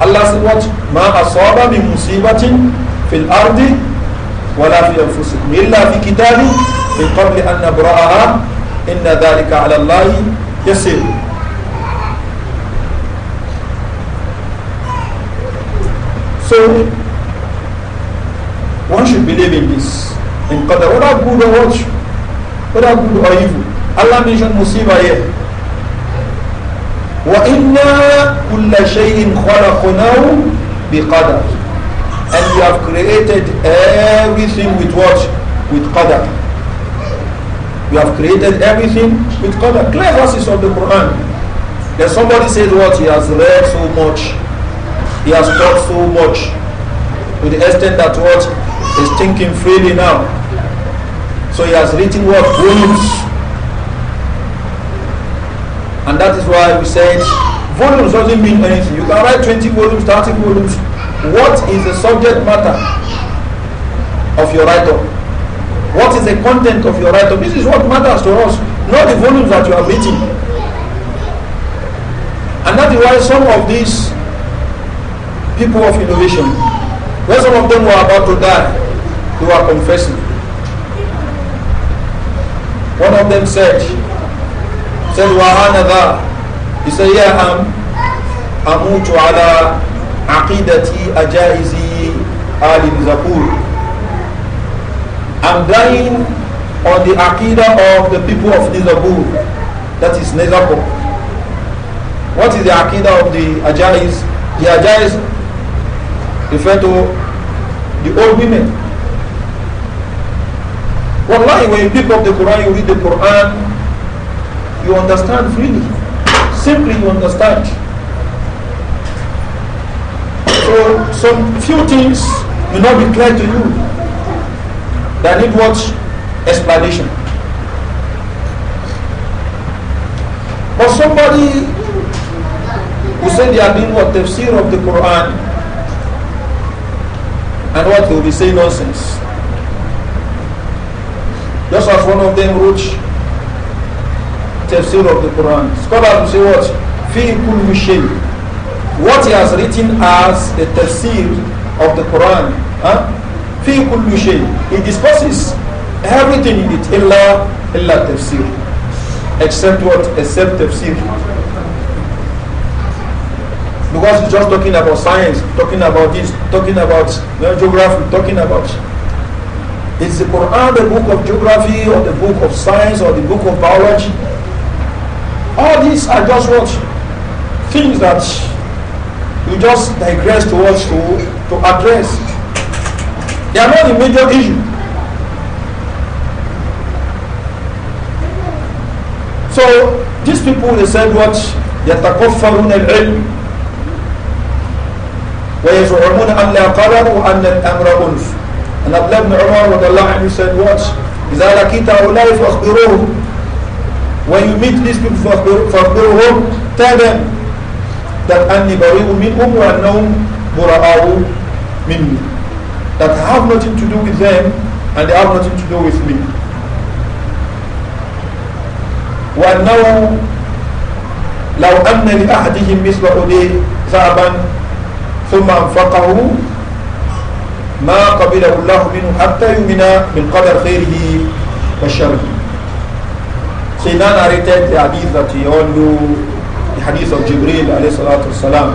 Allah said what? ما أصاب من مصيبة في الأرض ولا في أنفسكم إلا في كتاب من قبل أن نبرأها إن ذلك على الله يسير So one should believe in this in Qadar are good or what What are good or evil Allah mentioned Musiba here وَإِنَّا كُلَّ شَيْءٍ خَلَقْنَاهُ بِقَدَرٍ And you have created everything with what? With qadar. You have created everything with qadar. Clear verses of the Quran. Then somebody says what? He has read so much. He has taught so much. To the extent that what? Is thinking freely now. So he has written what? Volumes. And that is why we said volumes doesn't mean anything. You can write 20 volumes, 30 volumes. What is the subject matter of your write-up? What is the content of your write-up? This is what matters to us, not the volumes that you are meeting. And that is why some of these people of innovation, when some of them were about to die, they were confessing. One of them said, said, He said, Yeah, I'm Amutu ala Aqidati Ajaizi Ali Zakur. I'm dying on the Aqidah of the people of Nizabur. That is Nizabur. What is the Aqidah of the Ajaiz? The Ajaiz refer to the old women. Wallahi, when you pick up the Quran, you read the Quran, you understand freely. Simply you understand. So some few things will not be clear to you that need what explanation. But somebody who said they are doing what tafsir of the Quran and what they will be saying nonsense. Just as one of them wrote tafsir of the Quran. Scholars will say what? Fi kulli shay' what he has written as the tafsir of the Quran. Huh? He discusses everything in it, illa, illa tafsir. Except what? Except tafsir. Because he's just talking about science, talking about this, talking about geography, talking about is the Quran the book of geography or the book of science or the book of biology? All these are just what? Things that you just digress towards to, to address. They are not the major issue. So these people they said what يتكفرون العلم ويزعمون أن لا قدر وأن الأمر أنف And Abdullah ibn Umar رضي الله عنه said what إذا لقيت هؤلاء فأخبروهم When you meet these people فأخبروهم tell them that أَنِّي بَرِيءٌ مِنْهُمْ وَأَنَّهُمْ بُرَآءُ مِنِّي that have nothing to do with them and they have nothing to do with me. وأنه لو أن لأحدهم مثل أولي ذهبا ثم أنفقه ما قبله الله منه حتى يؤمن بالقدر خيره وشره. that he all knew حديث of Jibril عليه الصلاة والسلام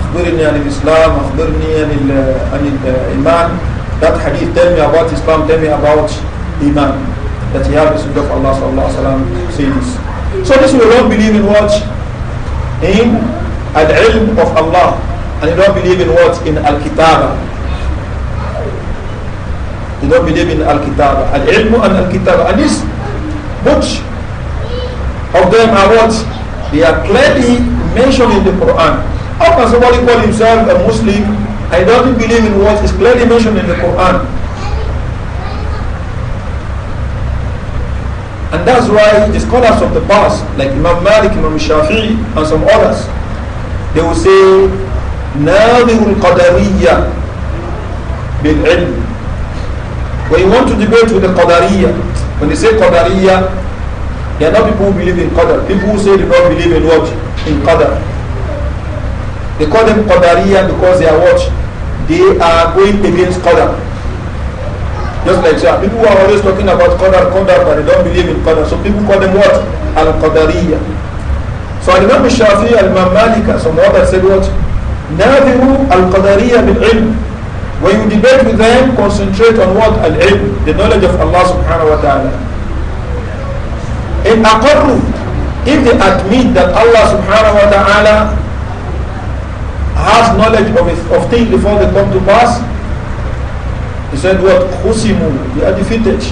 أخبرني عن الإسلام أخبرني عن عن الإيمان that حديث tell me about Islam tell me about Iman that he has Messenger Allah صلى الله عليه وسلم says so this we don't believe in what in al-ilm of Allah and you don't believe in what in al-kitaba you don't believe in al-kitaba al-ilm and al-kitaba and this much of them are what They are clearly mentioned in the Quran. How can somebody call himself a Muslim and doesn't believe in what is clearly mentioned in the Quran? And that's why the scholars of the past, like Imam Malik, Imam Shafi, and some others, they will say, ناظر القدرية بالعلم. When you want to debate with the Qadariya, when they say Qadariya, there are not people who believe in Qadr. People who say they don't believe in what? In Qadr. They call them Qadariya because they are what? They are going against Qadr. Just like that. People who are always talking about Qadr, Qadr, but they don't believe in Qadr. So people call them what? Al-Qadariya. So Imam Shafi, Imam Malik, some others said what? ناظروا القدرية بالعلم When you debate with them, concentrate on what? Al-ilm, the knowledge of Allah subhanahu wa ta'ala. In aqarru, if they admit that Allah subhanahu wa ta'ala has knowledge of, it, of things before they come to pass, he said what? Khusimu, they are defeated.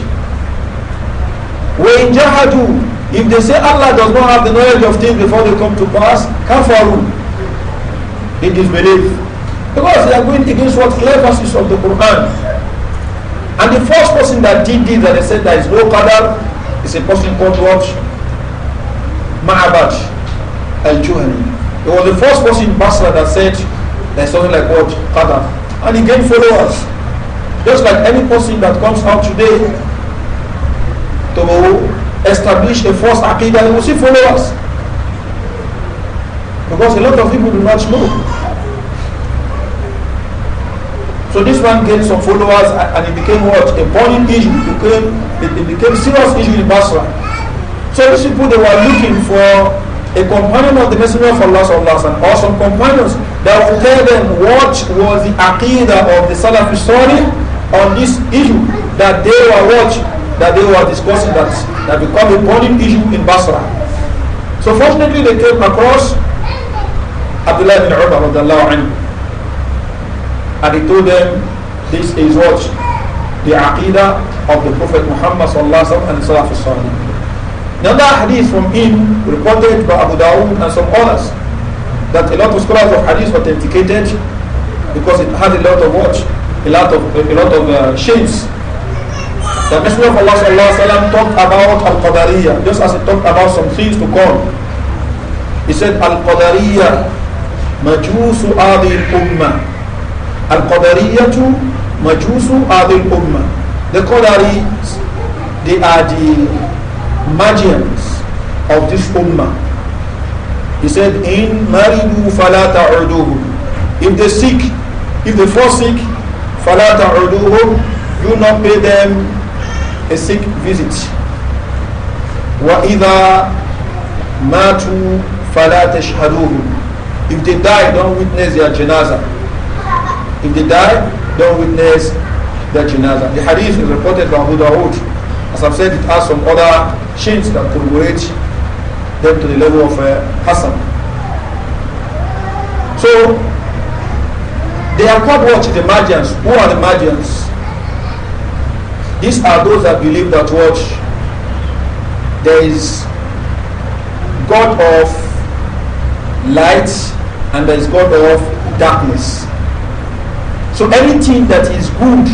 When jahadu, if they say Allah does not have the knowledge of things before they come to pass, kafaru, they disbelieve. Because they are going against what clear verses of the Quran. And the first person that did this, that they said there is no qadar, is a person called what? Ma'abad al-Juhani. He was the first person in Basra that said there's something like what? Qadar. And he gained followers. Just like any person that comes out today to establish a false aqidah, he will see followers. Because a lot of people do not know. So this one gained some followers and it became what? A burning issue. It became, it, it became serious issue in Basra. So these people, they were looking for a companion of the Messenger of Allah sallallahu alaihi or some companions that would tell them what was the aqidah of the Salafi story on this issue that they were watching, That they were discussing that, that become a burning issue in Basra. So fortunately they came across Abdullah ibn Umar radiallahu anhu and he told them, this is what? The Aqidah of the Prophet Muhammad sallallahu and Salaf al-Salih. the hadith from him reported by Abu Dawud and some others that a lot of scholars of hadith authenticated because it had a lot of what? A lot of, a lot of uh, shades. The Messenger of Allah sallallahu alayhi talked about Al-Qadariyah just as he talked about some things to come. He said, Al-Qadariyah majusu adi ummah Al-Qadariyatu, Majusu adil umma. Ummah. The Qadaris, they are the Magians of this Ummah. He said, In maridu falata urduhum. If they seek, if they fall sick, falata urduhum, do not pay them a sick visit. Wa ida matu falata shhaduhum. If they die, don't witness their janazah. If they die, don't witness the janazah. The hadith is reported by Abu Dawood. As I've said, it has some other shins that corroborate them to the level of uh, Hassan. So, they are called what? The Magians. Who are the Magians? These are those that believe that what? There is God of light and there is God of darkness. So anything that is good,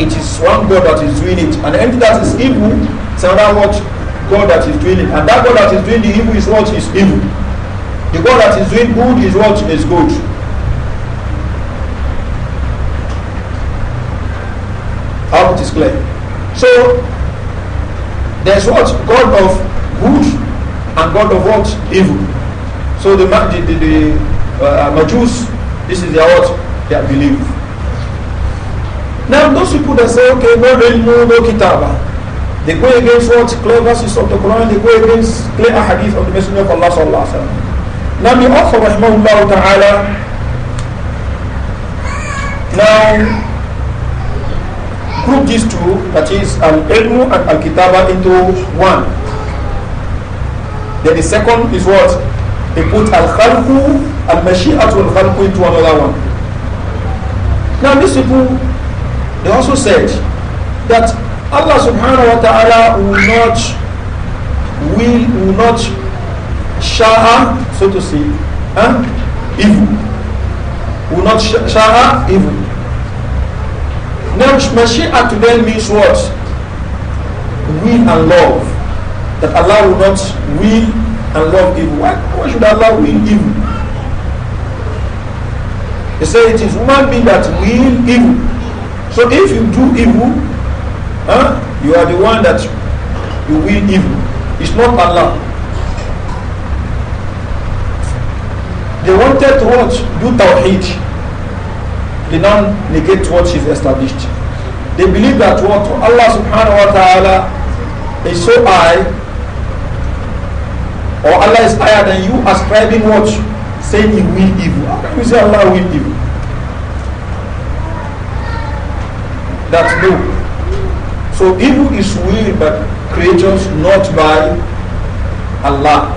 it is one God that is doing it. And anything that is evil, it's another what God that is doing it. And that God that is doing the evil is what is evil. The God that is doing good is what is good. How it is clear. So there's what? God of good and God of what? Evil. So the, the, the, the uh, Majus, this is their what? They believe Now those people that say, okay, no ilmu, no kitaba, they go against what clear verses of the Quran, they go against clear hadith of the Messenger of Allah sallallahu Now the author, rahmahullah ta'ala, now group these two, that is al-ilmu and al-kitaba into one. Then the second is what? They put al-khalqu, al-mashi'atu al-khalqu into another one. Now these people, they also said that Allah subhanahu wa ta'ala will not, will, will not sha'a, so to say, huh? evil. Will not sha'a evil. Now Mashiach to them means what? Will and love. That Allah will not will and love evil. Why, why should Allah will evil? He said it is human being that will evil. So if you do evil, huh, you are the one that you will evil. It's not Allah. They wanted to watch, do Tawheed. They now negate what is established. They believe that what Allah subhanahu wa ta'ala is so high or Allah is higher than you ascribing what saying he will evil. How can you say Allah will evil? That's no. So evil is willed by creatures, not by Allah.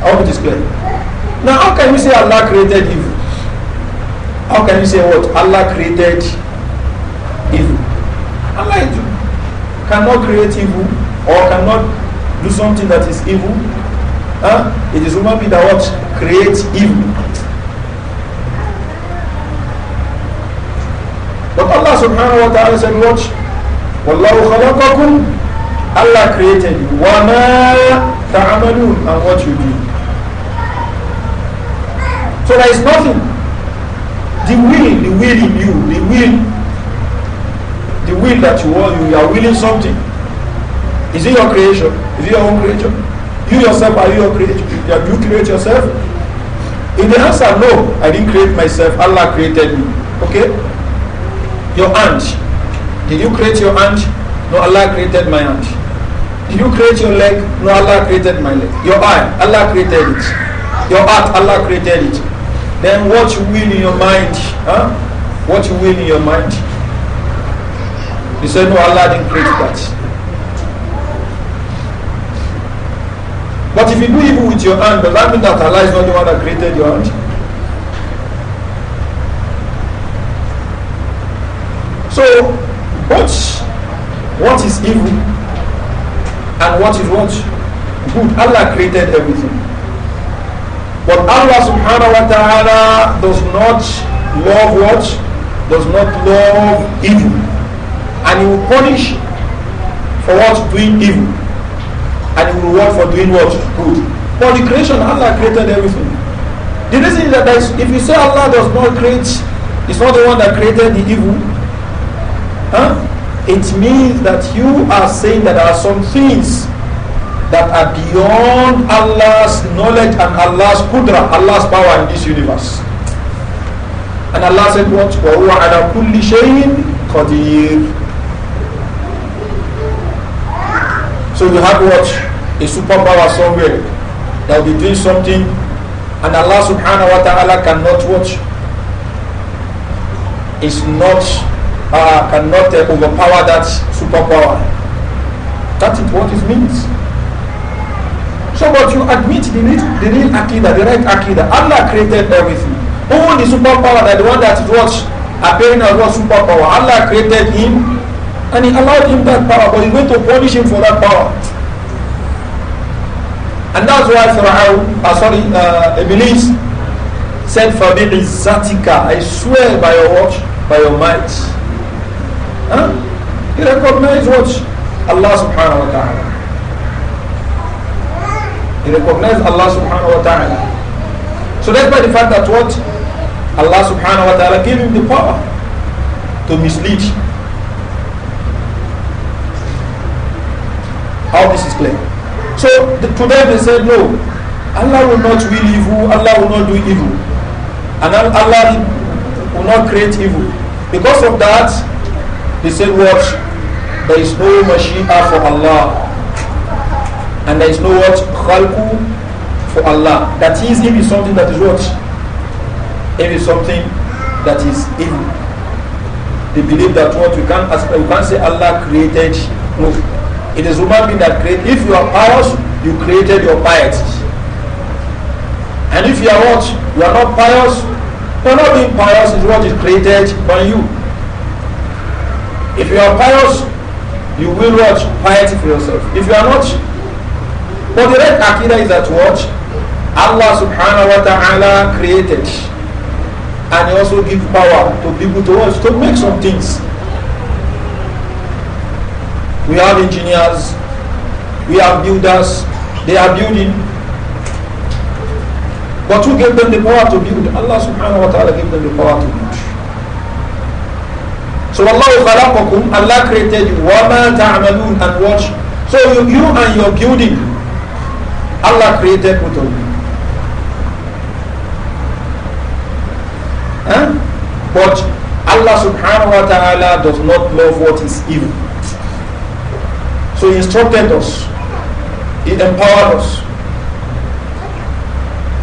I want to explain. Now, how can you say Allah created evil? How can you say what? Allah created evil. Allah cannot create evil or cannot do something that is evil Huh? It is human being that what creates evil. But Allah subhanahu wa ta'ala said, Watch. Wallahu khalaqakum. Allah created you. Wa ma ta'amalun. And what you do. So there is nothing. The will, the will in you, the will, the will that you are, you are willing something. Is it your creation? Is it your own creation? You yourself, are you your create? Have you create yourself? If the answer no, I didn't create myself. Allah created me. Okay? Your hand. Did you create your hand? No, Allah created my hand. Did you create your leg? No, Allah created my leg. Your eye, Allah created it. Your heart, Allah created it. Then what you will in your mind? Huh? What you will in your mind? You say, no, Allah didn't create that. But if you do evil with your hand, does that mean that Allah is not the one that created your hand? So, what, what is evil and what is what? Good. Allah created everything. But Allah subhanahu wa ta'ala does not love what? Does not love evil. And He will punish for what? Doing evil. and he will reward for doing what? Good. But the creation, Allah created everything. The reason is that is, if you say Allah does not create, it's not the one that created the evil, huh? it means that you are saying that there are some things that are beyond Allah's knowledge and Allah's kudra, Allah's power in this universe. And Allah said what? So you have what? A superpower somewhere that will be doing something and Allah subhanahu wa ta'ala cannot watch. Is not uh, cannot uh, overpower that superpower. That is what it means. So but you admit the real, the real Akida, the right Akida. Allah created everything. Only the superpower that the one that is watch, appearing as what superpower. Allah created him and he allowed him that power, but he's going to punish him for that power. And that's why Fir'aun, uh, sorry, uh, Iblis said, Fabi'izzatika, I swear by your watch, by your might. Huh? He recognized what? Allah subhanahu wa ta'ala. He recognized Allah subhanahu wa ta'ala. So that's by the fact that what? Allah subhanahu wa ta'ala gave him the power to mislead How this is clear. So the, to them they said, no, Allah will not will evil, Allah will not do evil. And Allah will not create evil. Because of that, they said, what? There is no Mashiach for Allah. And there is no what? Khalku for Allah. That is, if it's something that is what? If it's something that is evil. They believe that what we can't, we can't say Allah created. No. It is human being that create. If you are pious, you created your piety. And if you are not, You are not pious. You are not being pious is what is created by you. If you are pious, you will watch piety for yourself. If you are not, but the right akida is that what? Allah subhanahu wa ta'ala created and he also give power to people to watch to make some things. We have engineers, we have builders, they are building. But who gave them the power to build? Allah subhanahu wa ta'ala gave them the power to build. So Allah khalaqakum, Allah created you. Wama ta'amalun and watch. So you, you and your building, Allah created both of you. Huh? But Allah subhanahu wa ta'ala does not love what is evil. So he instructed us. He empowered us.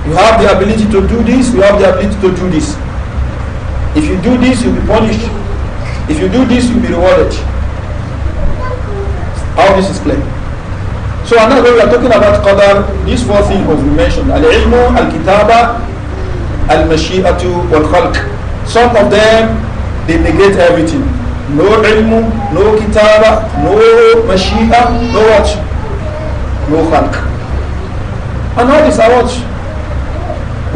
You have the ability to do this, you have the ability to do this. If you do this, you'll be punished. If you do this, you'll be rewarded. How this is played. So another we are talking about qadar, these four things was mentioned. Al-ilmu, al-kitaba, al-mashi'atu, wal-khalq. Some of them, they negate everything. نو علم نو كتابة نو مشيئة نو what نو خلق أنا هذه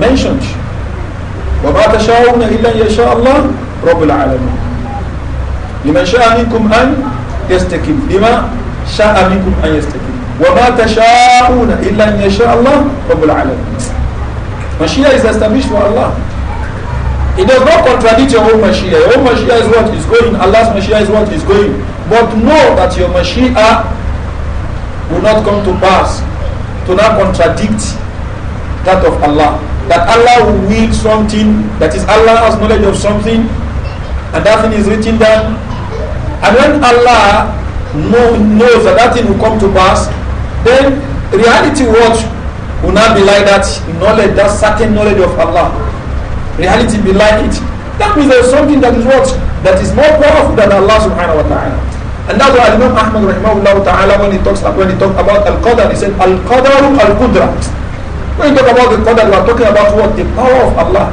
these are وما تشاءون إلا أن شاء الله رب العالمين لمن شاء منكم أن يستقيم لما شاء منكم أن يستقيم وما تشاءون إلا أن شاء الله رب العالمين مشيئة إذا established الله It does not contradict your own Mashiach. Your own Mashiach is what is going. Allah's Mashiach is what is going. But know that your Mashiach will not come to pass to not contradict that of Allah. That Allah will will something, that is Allah has knowledge of something, and that thing is written down. And when Allah know, knows that that thing will come to pass, then reality watch will not be like that knowledge, that certain knowledge of Allah. reality be like it. That means there's something that is what? That is more powerful than Allah subhanahu wa ta'ala. And that's why Imam Ahmad rahimahullah ta'ala when he talks when he talks about Al-Qadr, he said Al-Qadr Al-Qudra. When you talk about the Qadr, we are talking about what? The power of Allah.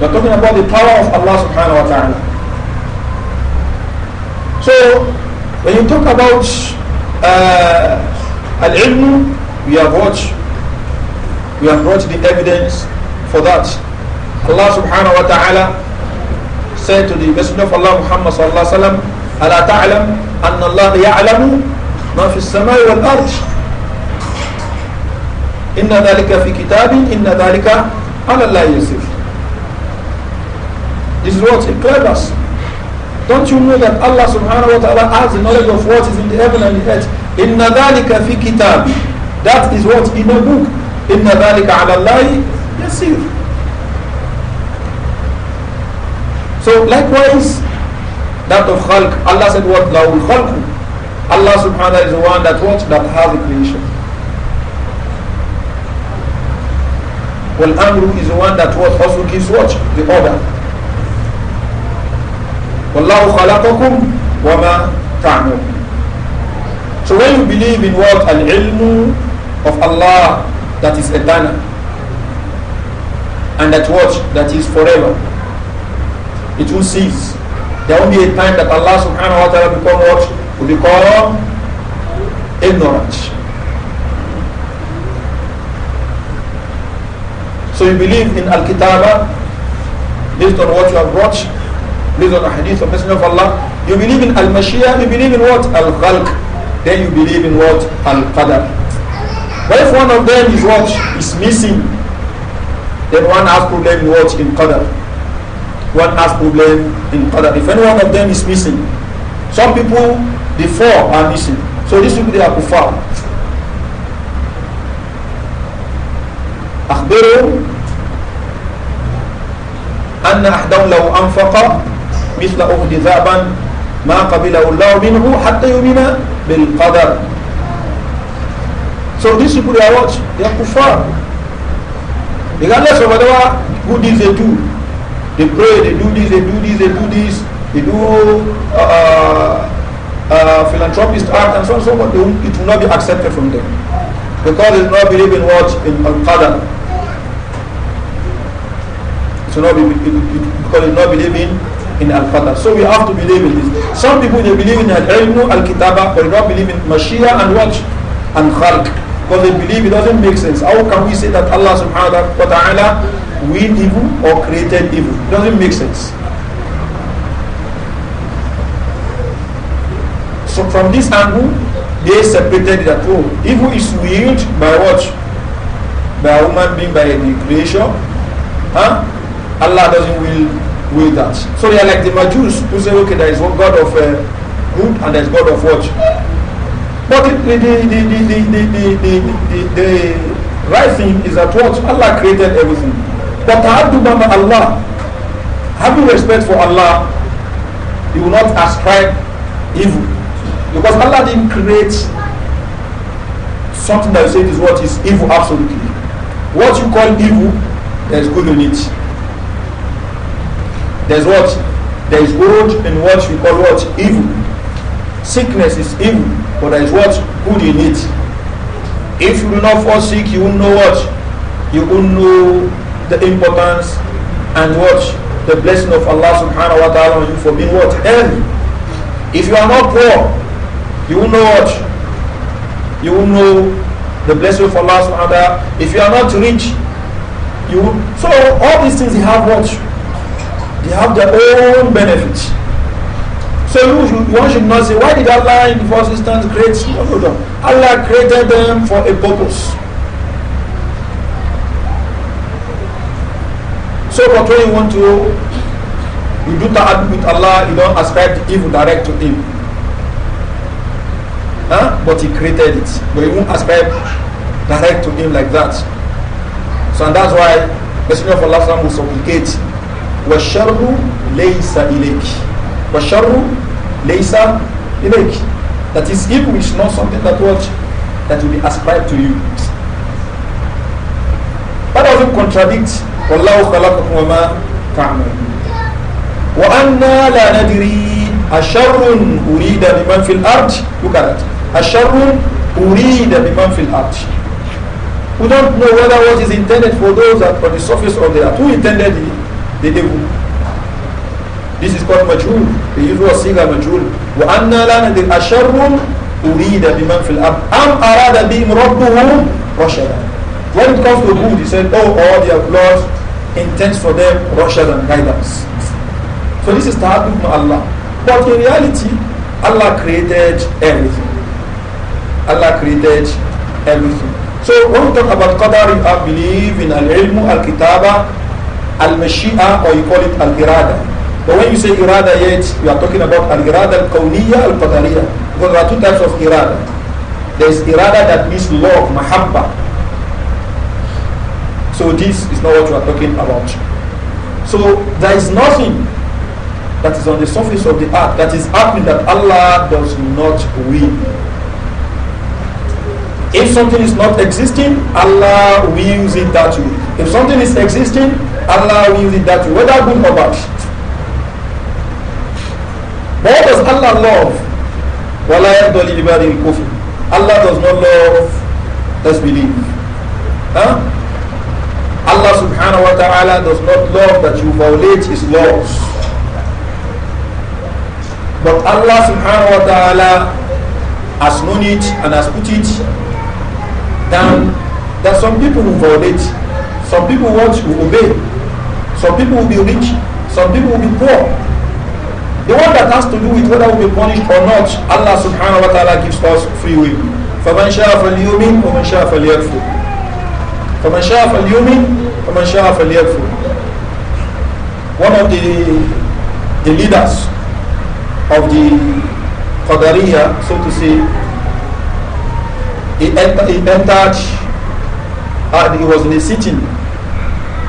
We are talking about the power of Allah subhanahu wa ta'ala. So when you talk about uh, Al-Ilm, we have watched we have brought the evidence for that. Allah subhanahu wa ta'ala said to the Messenger of Allah Muhammad sallallahu alayhi wa sallam, أَلَا تَعْلَمْ أَنَّ اللَّهَ يَعْلَمُ مَا فِي السَّمَاءِ وَالْأَرْضِ إِنَّ ذَلِكَ فِي كِتَابٍ إِنَّ ذَلِكَ عَلَى اللَّهِ يسير This is what? he told us. Don't you know that Allah subhanahu wa ta'ala has the knowledge of what is in the heaven and the earth? Inna dhalika fi kitab. That is what in a book. Inna dhalika ala Allahi yasir. So likewise, that of khalq, Allah said what? laul khalqu. Allah subhanahu is the one that what? That has the creation. Well, Amru is the one that what? Also gives what? The order. Wallahu khalaqakum ma ta'amun. So when you believe in what? Al-ilmu of Allah that is eternal and that what? That is forever it will cease. There will be a time that Allah subhanahu wa ta'ala become what? Will become um, ignorant. So you believe in Al-Kitaba based on what you have watched, based on the hadith of Messenger of Allah. You believe in al Mashiyah. you believe in what? Al-Khalq. Then you believe in what? Al-Qadar. But if one of them is what? Is missing, then one has problem in what? In Qadar. one has problem in other. If any one of them is missing, some people, the four are missing. So these people, they are kufar. أخبرهم أن أحدهم لو أنفق مثل أهد ذهبا ما قبله الله منه حتى يؤمن بالقدر So this people they are what? They are kufar. Regardless of whatever good deeds they do, They pray, they do this, they do this, they do this, they do uh, uh, uh philanthropist act and so on, so forth, It will not be accepted from them. Because they do not believe in what? In Al-Qadr. It will not be, it, it, because they do not believe in, in Al-Qadr. So we have to believe in this. Some people, they believe in Al-Ilmu, Al-Kitaba, but they don't believe in Mashiach and what? And Khalq. Because they believe it doesn't make sense. How can we say that Allah subhanahu wa ta'ala willed evil or created evil. doesn't make sense. So from this angle, they separated that oh, evil is willed by what? By a human being, by a creation. Huh? Allah doesn't will will that. So they are like the Majus who say, okay, there is one God of uh, good and there is God of what? But the, the, the, the, the, the, the, the, the right thing is that what? Allah created everything. وَتَعَدُّبًا Allah. Having respect for Allah, you will not ascribe evil. Because Allah didn't create something that you say is what is evil absolutely. What you call evil, there is good in it. There's what? There is good in what you call what? Evil. Sickness is evil, but there is what? Good in it. If you do not fall sick, you will know what? You will know the importance and watch the blessing of Allah subhanahu wa ta'ala on you for being what? Healthy. If you are not poor, you will know what? You will know the blessing of Allah subhanahu wa ta'ala. If you are not rich, you will. So all these things they have what? They have their own benefits. So you should, one should not say, why did Allah in the first instance create? No, no, no. Allah created them for a purpose. So contrary you want to you do ta'adud with Allah, you don't ascribe the evil direct to him. Huh? But he created it. But you won't ascribe direct to him like that. So and that's why Messenger of Allah will supplicate وَالشَّرُّ لَيْسَ إِلَيْكِ وَالشَّرُّ لَيْسَ إِلَيْكِ That is evil is not something that what that will be ascribed to you. That doesn't contradict والله خلقكم وما ma ta'malun لا ندري la nadri asharrun في الأرض. fil ard look at that asharrun urida biman fil ard we don't know whether what is intended for those that on the surface of the earth who intended the, the devil this is called majhul the usual siga majhul wa anna la nadri asharrun urida biman fil ard am arada bihim rabbuhum rashada when it comes to good he said oh all their blood intends for them Russia and guidance. So this is Ta'atun to Allah. But in reality, Allah created everything. Allah created everything. So when we talk about Qadar, we believe in Al-Ilmu, Al-Kitaba, Al-Mashi'a, or you call it Al-Irada. But when you say Irada yet, you are talking about Al-Irada, al kawniya Al-Qadariya. Because there are two types of Irada. There is Irada that means of Mahabbah. So this is not what we are talking about. So there is nothing that is on the surface of the earth that is happening that Allah does not will. If something is not existing, Allah wills it that way. If something is existing, Allah wills it that way, whether good or bad. But what does Allah love? Allah does not love disbelief. Huh? Allah subhanahu wa ta'ala does not love that you violate his laws. But Allah subhanahu wa ta'ala has known it and has put it down that some people will violate, some people want to obey, some people will be rich, some people will be poor. The one that has to do with whether we'll be punished or not, Allah subhanahu wa ta'ala gives us free will. فَمَنْ شَاءَ فَلْيُؤْمِنْ وَمَنْ شَاءَ فَلْيَكْفُرْ فمن شاء فليؤمن فمن شاء فليكفر one of the the leaders of the Qadariya so to say he, enter, he entered and he was in a sitting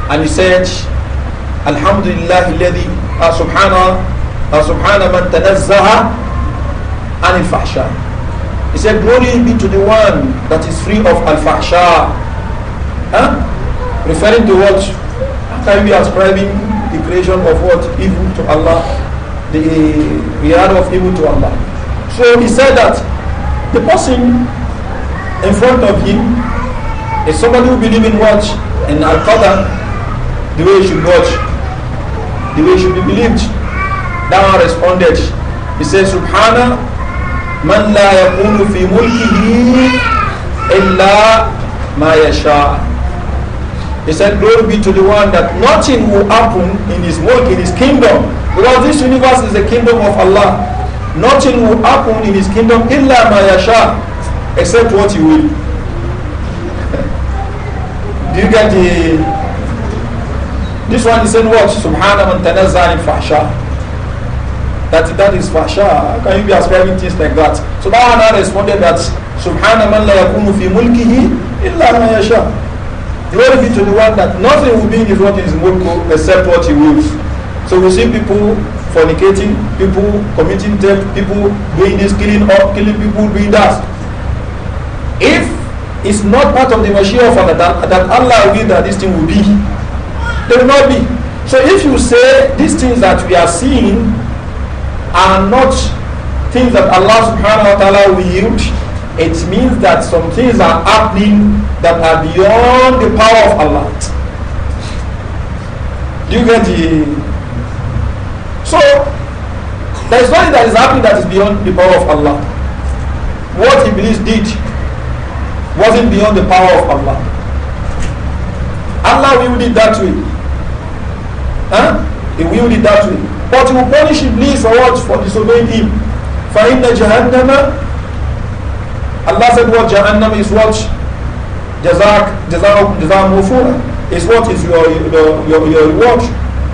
and he said Alhamdulillah الذي سبحانه سبحان من تنزه عن الفحشاء he said glory be to the one that is free of al-fahsha Huh? Referring to what? after we ascribing the creation of what? Evil to Allah. The reward of evil to Allah. So he said that the person in front of him is somebody who believes in what? In Al-Qadr, the way he should watch, the way he should be believed. That one responded. He said, Subhana man la yakunu fi mulkihi illa ma yasha'. He said, Glory be to the one that nothing will happen in his work, in his kingdom. Because this universe is the kingdom of Allah. Nothing will happen in his kingdom illa mayasha, except what he will. Do you get the this one is saying what? Subhana man tanazza in fahsha. That, that is fahsha. Can you be ascribing things like that? So Subhana responded that Subhana man la yakunu fi mulkihi illa mayasha. He will be to the one that nothing will be in his what is moko except what he wills. So we see people fornicating, people committing theft, people doing this, killing up, killing people, doing that. If it's not part of the machine of Allah that, that Allah will that this thing will be, they will not be. So if you say these things that we are seeing are not things that Allah subhanahu wa ta'ala will yield, it means that some things are happening that are beyond the power of Allah. Do you get the. So, there is nothing that is happening that is beyond the power of Allah. What Iblis did wasn't beyond the power of Allah. Allah willed it that way. Huh? He willed it that way. But he will punish Iblis for what? For disobeying him. فَإِنَّ جَهَنَّمَ Allah said what Jahannam is what? Jazak, Jazak, Jazak Mufura. Is what is your, your, your, your reward.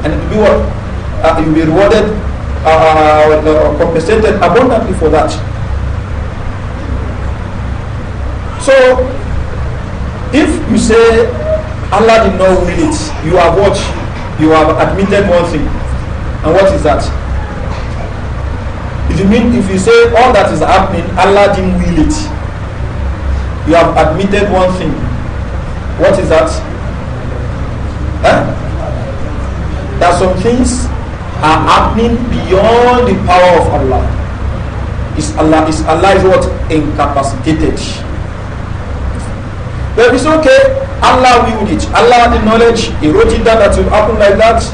And you will uh, you'll be rewarded, uh, uh, uh, compensated abundantly for that. So, if you say Allah did not will it, you have watched, You have admitted one thing. And what is that? If you mean if you say all that is happening, Allah didn't will it, you have admitted one thing. What is that? Eh? That some things are happening beyond the power of Allah. Is Allah is Allah is what incapacitated. But it's okay. Allah will it. Allah had the knowledge. He wrote it down that it will happen like that.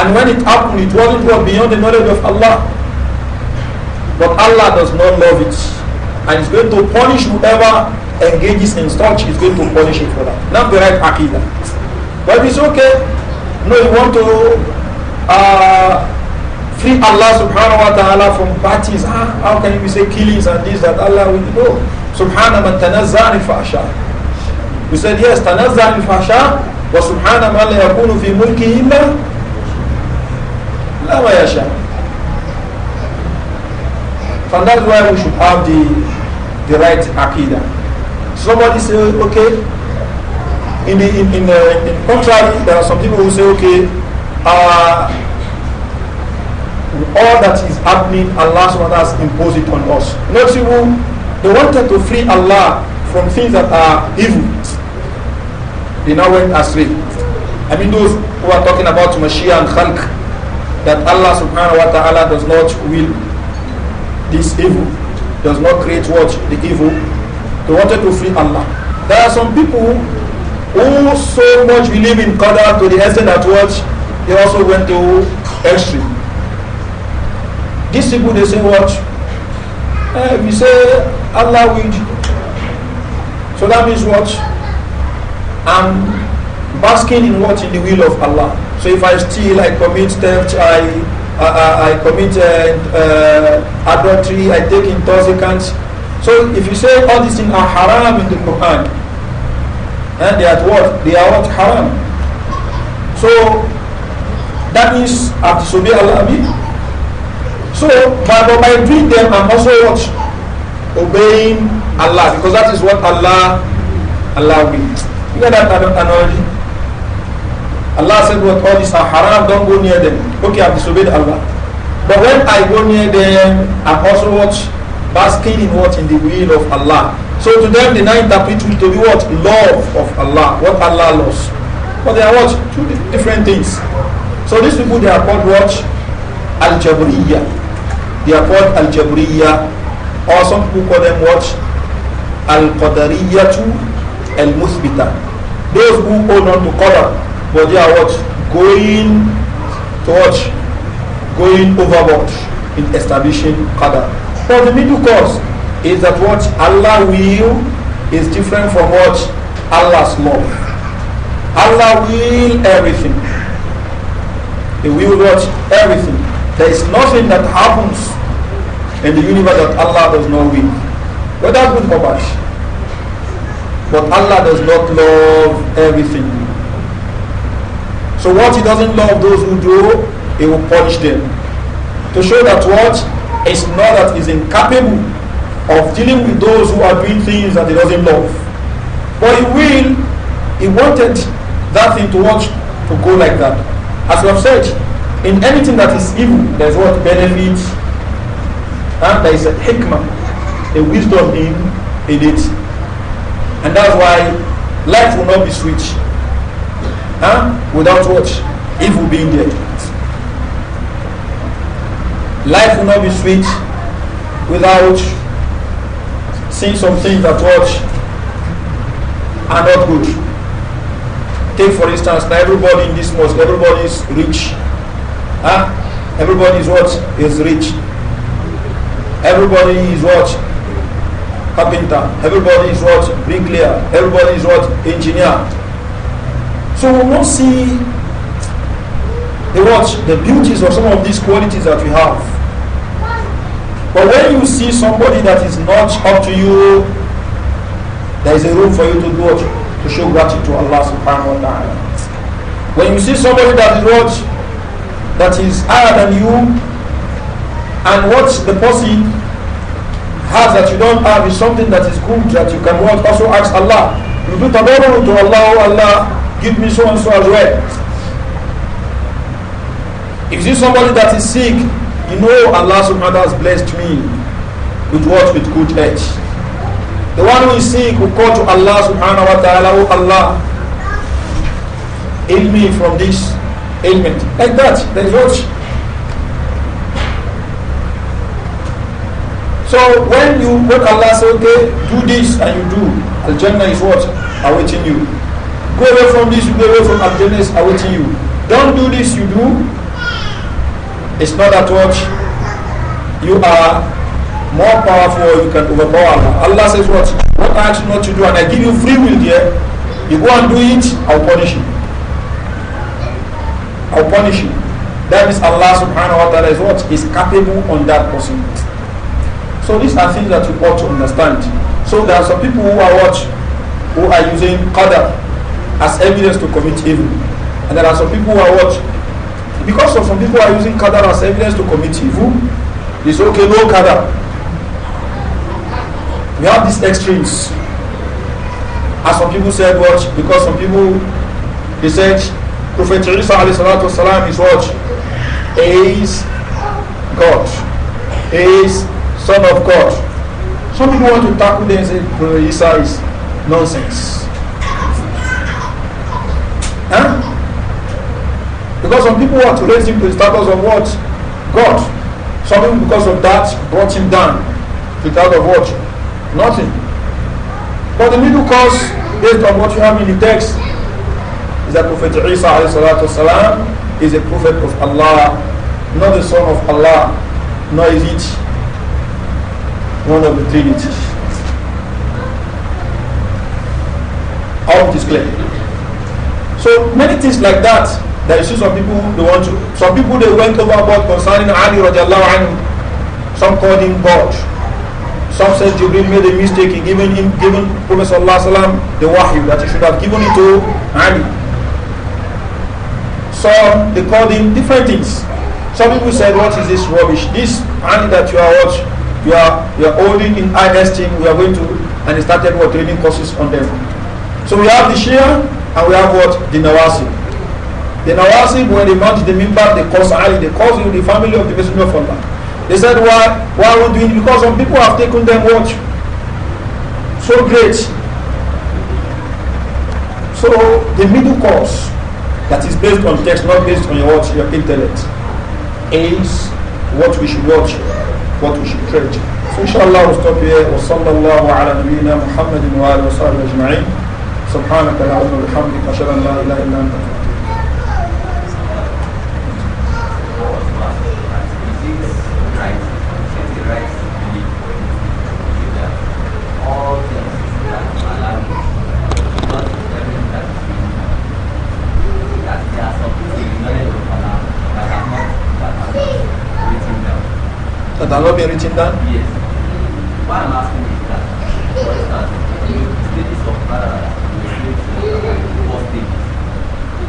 And when it happened, it wasn't what beyond the knowledge of Allah. But Allah does not love it. And He's going to punish whoever engages in such is going to punish him for that. Not the right akida. But it's okay. No, you want to uh, free Allah subhanahu wa ta'ala from parties. Ah, how can you say killings and this that Allah will know? Subhana man tanazzani fasha. We said yes, tanazzani fasha wa subhana man la yakunu fi mulki illa la ma yasha. So that's why we should have the, the right aqidah. Somebody say, okay, in the in, in, the, uh, in contrary, there are some people who say, okay, uh, all that is happening, Allah subhanahu wa ta'ala has imposed it on us. Not even, they wanted to free Allah from things that are evil. They now went astray. I mean those who are talking about Mashiach and Khalq, that Allah subhanahu wa ta'ala does not will this evil, does not create what? The evil. They wanted to free Allah. There are some people who so much believe in Qadar to the extent that what they also went to extreme. These people they say what? Eh, we say Allah will. So that means what? I'm basking in what in the will of Allah. So if I steal, I commit theft, I I, I, I commit uh, uh, adultery, I take intoxicants. So if you say all these things are haram in the Quran, then eh, they are what? They are what? Haram. So that means I disobeyed Allah. So by, by doing them, I'm also what? Obeying Allah because that is what Allah Allah will. You get that analogy? Allah said what all these are haram, don't go near them. Okay, I've disobeyed Allah. But when I go near them, I'm also what? basking in what? In the will of Allah. So to them, the nine will to be what? Love of Allah. What Allah loves. But they are what? Two different things. So these people, they are called what? al They are called al Or some people call them what? Al-Qadariyatu al Those who hold on to color, but they are what? Going to what? Going overboard in establishing qadar. But the middle course is that what Allah will is different from what Allah's love. Allah will everything. He will watch Everything. There is nothing that happens in the universe that Allah does not will. Whether good for us? But Allah does not love everything. So what he doesn't love those who do, he will punish them. To show that what? It's not that he's incapable of dealing with those who are doing things that he doesn't love. But he will, he wanted that thing to watch to go like that. As we have said, in anything that is evil, there's what benefits and there is a hikmah, a wisdom in, in it. And that's why life will not be sweet. Huh? Without what? Evil being there. Life will not be sweet without seeing some things that watch are not good. Take for instance, now everybody in this mosque, everybody is rich. Huh? Everybody is what? Is rich. Everybody is what? Carpenter. Everybody is what? Bricklayer. Everybody is what? Engineer. So we won't see the what? The beauties of some of these qualities that we have. But when you see somebody that is not up to you, there is a room for you to go to show gratitude to Allah subhanahu wa ta'ala. When you see somebody that is what that is higher than you and what the person has that you don't have is something that is good that you can want also ask Allah. You do tabarru to Allah, oh Allah, give me so and so as well. If you see somebody that is sick you know Allah subhanahu wa ta'ala has blessed me with what? With good health. The one who is sick will call to Allah subhanahu wa ta'ala, oh Allah, heal me from this ailment. Like that. That is what. So when you when Allah says, okay, do this and you do, Al Jannah is what? Awaiting you. Go away from this, you go away from Al Jannah is awaiting you. Don't do this, you do, It's not that what you are more powerful or you can overpower Allah. Allah says what? What I ask you not to do and I give you free will there. You go and do it, I'll punish you. I'll punish you. That is Allah subhanahu wa ta'ala is what? Is capable on that person. So these are things that you ought to understand. So there are some people who are what? Who are using qadr as evidence to commit evil. And there are some people who are what? Because of some people are using qadar as evidence to commit evil, they say, okay, no qadar. We have these extremes. As some people said, watch, Because some people, they said, Prophet Isa salam is watch, Is God. Is Son of God. Some people want to tackle them and say, Isa is nonsense. Because some people want to raise him to the status of what? God. Some because of that, brought him down to the status of what? Nothing. But the middle course, based on what you have in the text, is that Prophet Isa والسلام, is a prophet of Allah, not the son of Allah, nor is it one of the Trinity. All of this clear. So many things like that There is some people they want to. Some people they went overboard concerning Ali radiallahu anhu. Some called him God. Some said Jibril made a mistake in giving him, giving promise of Allah wasallam the wahyu that he should have given it to Ali. Some they called him different things. Some people said, "What is this rubbish? This Ali that you are what you are you are holding in high esteem. We are going to." And he started what training courses on them. So we have the Shia and we have what the Nawasi. The Nawasib, when they mount the mimbar, they cause Ali, they cause you the family of the Messenger of Allah. They said, why, why are we doing it? Because some people have taken them watch. So great. So the middle course that is based on text, not based on your watch, your intellect, is what we should watch, what we should preach. So inshallah we'll stop here. وصلى الله على نبينا محمد وآله وصحبه أجمعين. سبحانك اللهم وبحمدك أشهد أن لا إله إلا أنت that not been written down? Yes. Why am I asking is that, for instance, the stages of paradise was stages.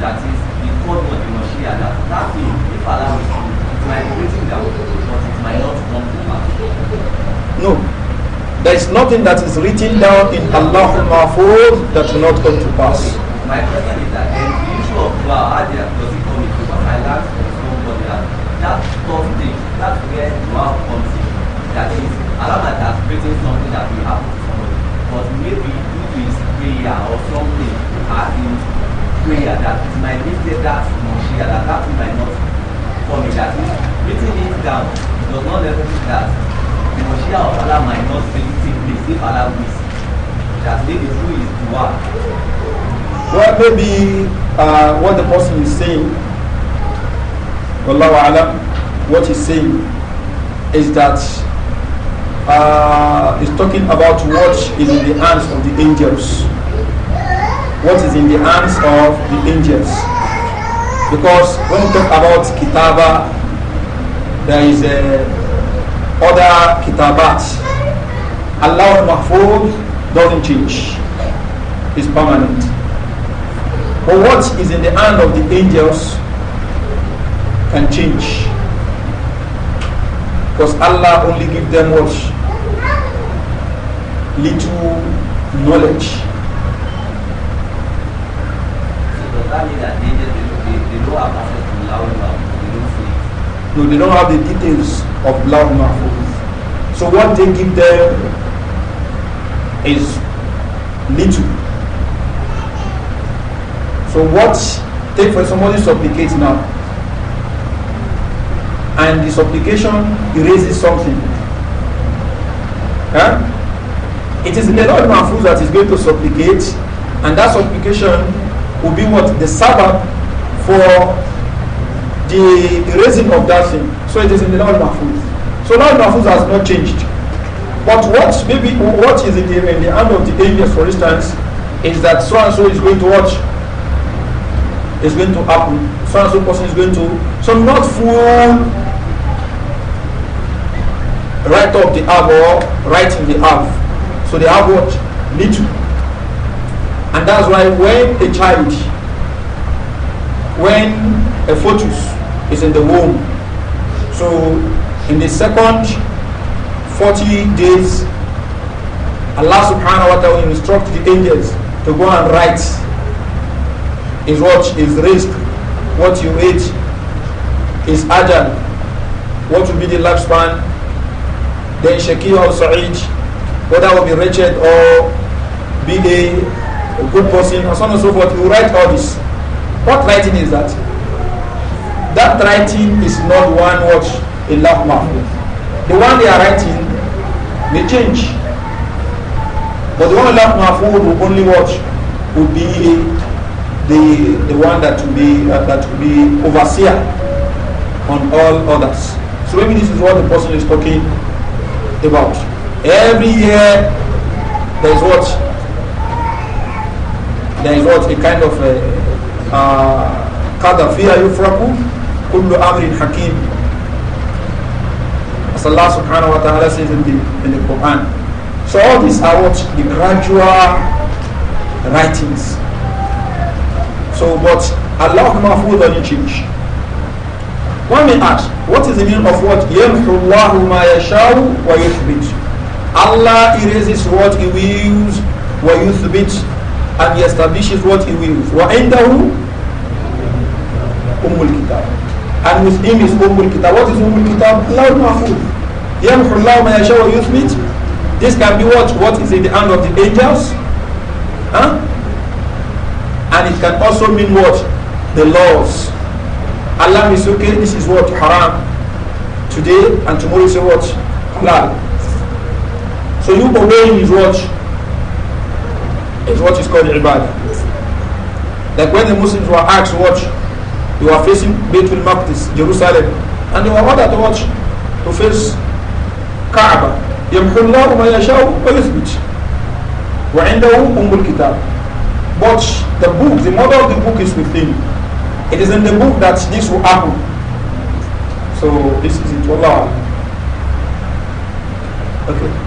That is, the third one, the Mashiach, that, thing, if Allah is migrating down, but it might not come to pass. No. There is nothing that is written down in Allah Mahfuz that will not come to pass. My question is that the issue of Wa'adiyah creating something that we have common. But maybe if it's prayer or something as in prayer that my might be said that Moshiach that that thing might not come in. That is written it down does not necessarily that the Moshiach of Allah might not really take place if Allah wills. That maybe who is dua. Well, maybe uh, what the person is saying, Wallahu Alam, what he's saying is that uh, is talking about what is in the hands of the angels. What is in the hands of the angels. Because when we talk about kitaba, there is a uh, other kitabat. Allah Mahfud doesn't change. It's permanent. But what is in the hand of the angels can change. Because Allah only gives them what little knowledge. No, they don't have the details of and mouth. So what they give them is little. So what take for somebody supplicates now and the supplication erases something. Huh? It is the Lord Mahfuz that is going to supplicate, and that supplication will be what? The sabbath for the raising of that thing. So it is in the Lord Mahfuz. So Lord Mahfuz has not changed. But what maybe what is in the, in the hand of the angels, for instance, is that so and so is going to watch is going to happen. So and so person is going to. So not full right up the half or right in the half. So they have what? need, And that's why when a child, when a fetus is in the womb, so in the second 40 days, Allah subhanahu wa ta'ala instructed the angels to go and write is what is risk, what you eat, is ajal, what will be the lifespan, then Shakir or Sa'id, whether will be wretched or be a, a good person or so on and so forth. You write all this. What writing is that? That writing is not one watch in love The one they are writing may change. But the one left Mahfud will only watch would be the the one that will be uh, that will be overseer on all others. So maybe this is what the person is talking about. Every year, there is what? There is what? A kind of kada uh, uh, fiya yufraku kullu amrin hakim. As Allah subhanahu wa ta'ala says in the, in the Quran. So all these are what? The gradual writings. So but Allah Mahfud doesn't change. One may ask, what is the meaning of what? يَمْحُ اللَّهُ مَا يَشَاءُ وَيُثْبِتُ Allah erases what He wills, wa yuthbit, and He establishes what He wills. Wa indahu umul kitab. And with Him is umul kitab. What is umul kitab? Law mahfuz. يمحو الله ما يشاء ويثبت. This can be what? What is in the hand of the angels? Huh? And it can also mean what? The laws. Allah is okay, this is what? Haram. Today and tomorrow is what? Halal. So you obeying his watch? is what is is called ibadah. Like when the Muslims were asked what they were facing Baitul Maqdis, Jerusalem, and they were ordered to watch to face Kaaba. يمحو الله ما يشاء ويثبت وعنده أم الكتاب but the book the model of the book is within it is in the book that this will happen so this is it Allah okay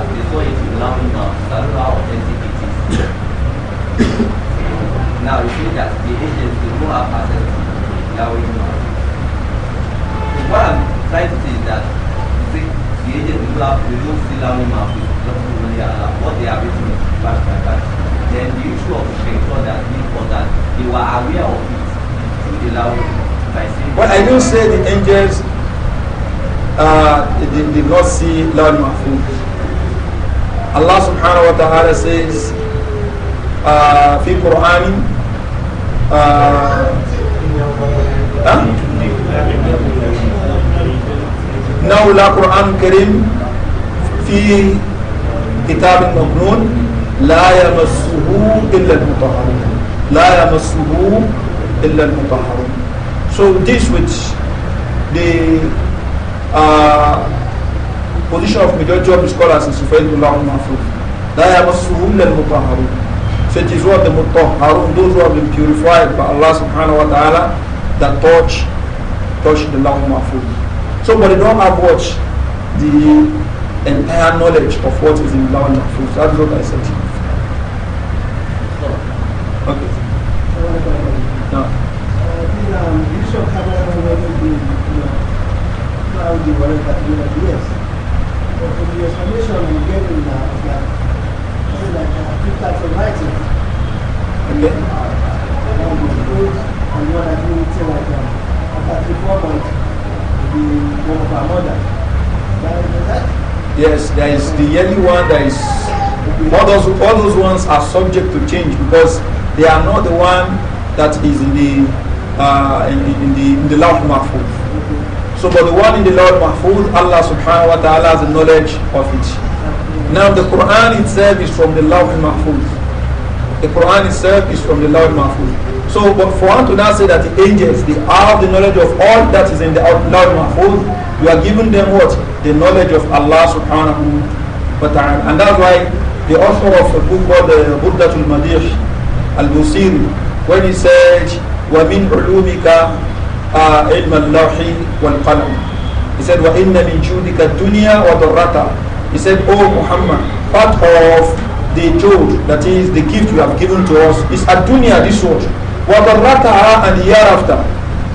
that now you see that the agents will not have access to their way what I'm trying to say is that the agents will have they don't see map what they are written is back by back. Then the issue of Shankar that means that they were aware of it through the allowing by But I don't say the angels uh, did, did not see Lord Mahfouz. Allah subhanahu wa ta'ala says uh, في قرآن uh, huh? now لا قرآن كريم في كتاب مكنون لا يمسه إلا المطهرون لا يمسه إلا المطهرون so this which the uh, position of majority of the scholars is Sufaidullah al-Mahfuz. That yamassuhum lil-mutahharun. So it is what the mutahharun, those who have been purified by Allah subhanahu wa ta'ala, that touch, touch the law mahfuz. So but they don't have what? The entire knowledge of what is in law mahfuz. That's what I said. Okay. No. Uh, um, the explanation I'm giving now is that, this is two types of writing. And then, uh, one was good, and what I do till like uh, after three, four to the one of our mother. that? Yes, there is the yearly one that is. All those, all those ones are subject to change because they are not the one that is in the uh, in, in the in the law mahfuz. So, but the one in the Lord Mahfuz, Allah subhanahu wa ta'ala has the knowledge of it. Now, the Quran itself is from the Lord Mahfuz. The Quran itself is from the Lord Mahfuz. So, but for one to now say that the angels, they have the knowledge of all that is in the Lord Mahfuz, you are giving them what? The knowledge of Allah subhanahu wa ta'ala. And that's why the author of a book called the uh, Buddhatul Madih, Al-Busiri, when he said, وَمِنْ عُلُومِكَ علم اللوح والقلم he said وَإِنَّ مِنْ جُودِكَ الدُّنْيَا وَضُرَّتَا he said oh Muhammad part of the jod that is the gift you have given to us is ad-dunya this world وَضُرَّتَهَا and the hereafter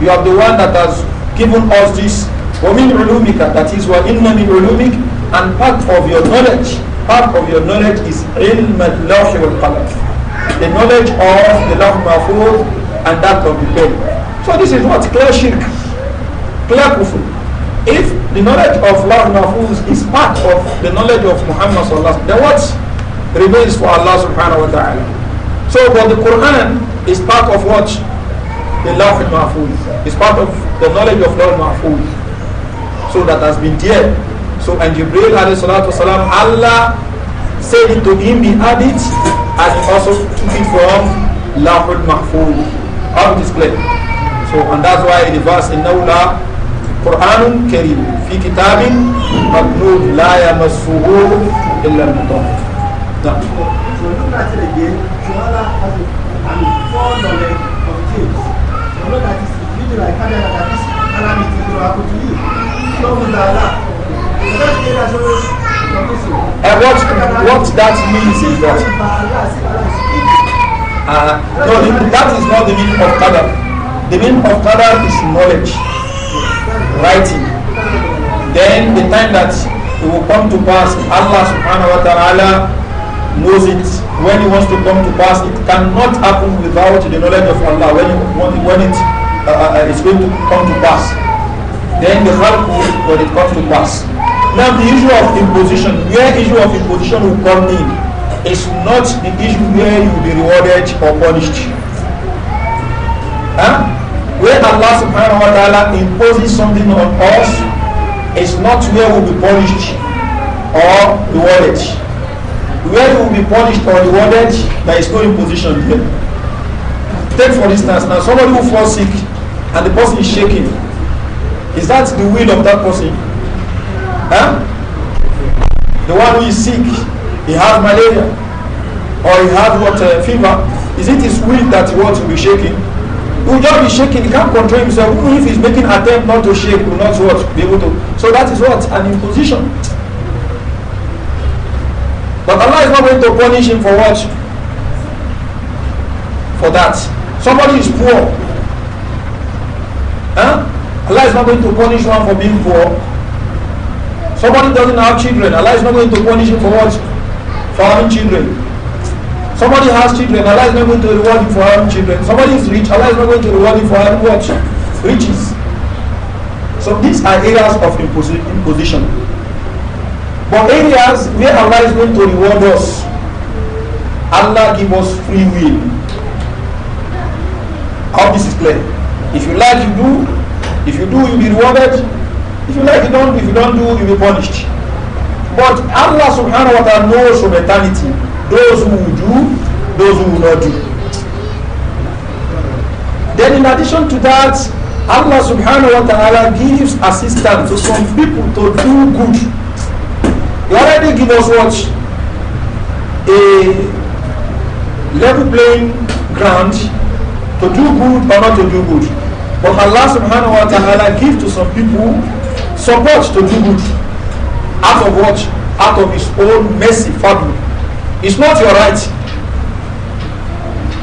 you are the one that has given us this وَمِنْ عُلُومِكَ that is وَإِنَّ مِنْ عُلُومِكَ and part of your knowledge part of your knowledge is ilm al-lawh wal-qalam the knowledge of the lawh mahfuz and that of the pen So this is what clear shirk, clear kufr. If the knowledge of Allah Nafuz is part of the knowledge of Muhammad Sallallahu Alaihi Wasallam, then what remains for Allah Subhanahu Wa Ta'ala? So but the Quran is part of what? The Lawh Mahfuz. It's part of the knowledge of Lawh Mahfuz. So that has been there. So and Jibril alayhi salatu wasalam, Allah said it to him, he had it, and he also took it from Lawh Mahfuz. How it is clear. So, and that's why the verse, in Naula Quran, كَرِيمٌ fi Kitabin, مَكْنُونٍ لَا يَمَسُّهُ إِلَّا الْمُطَهِّرُ Now. So, look at it again. Allah has a, four knowledge of things. So, look at this. You do like Canada, that this calamity will happen to you. So, with Allah. that's the that's always and what, what that means is that uh, no, that is not the meaning of qadar. The meaning of qadar is knowledge, writing. Then the time that it will come to pass, Allah subhanahu wa ta'ala knows it. When he wants to come to pass, it cannot happen without the knowledge of Allah when, it, when it uh, uh, uh, is going to come to pass. Then the help will when it comes to pass. Now the issue of imposition, where issue of imposition will come in, is not the issue where you will be rewarded or punished. Huh? where Allah subhanahu wa ta'ala imposes something on us is not where we'll be punished or rewarded. Where we'll be punished or rewarded, there is no imposition here. Take for instance, now somebody who falls sick and the person is shaking. Is that the will of that person? Huh? The one who is sick, he has malaria or he has what uh, fever. Is it his will that he want to be shaking? will just be shaking. He can't control himself. Even if he's making attempt not to shake, will not what be able to. So that is what an imposition. But Allah is not going to punish him for what? For that. Somebody is poor. Huh? Allah is not going to punish one for being poor. Somebody doesn't have children. Allah is not going to punish him for what? For having children. Somebody has children, Allah is not going to reward him for having children. Somebody is rich, Allah is not going to reward him for having what? Riches. So these are areas of imposition. But areas where Allah is going to reward us, Allah give us free will. How this is clear. If you like, you do. If you do, you'll be rewarded. If you like, you don't. If you don't do, you'll be punished. But Allah subhanahu wa ta'ala knows from eternity those who do, those who will not do. Then in addition to that, Allah subhanahu wa ta'ala gives assistance to some people to do good. He already give us what? A level playing ground to do good or not to do good. But Allah subhanahu wa ta'ala gives to some people support to do good out of what? Out of his own mercy, fabric. It's not your right.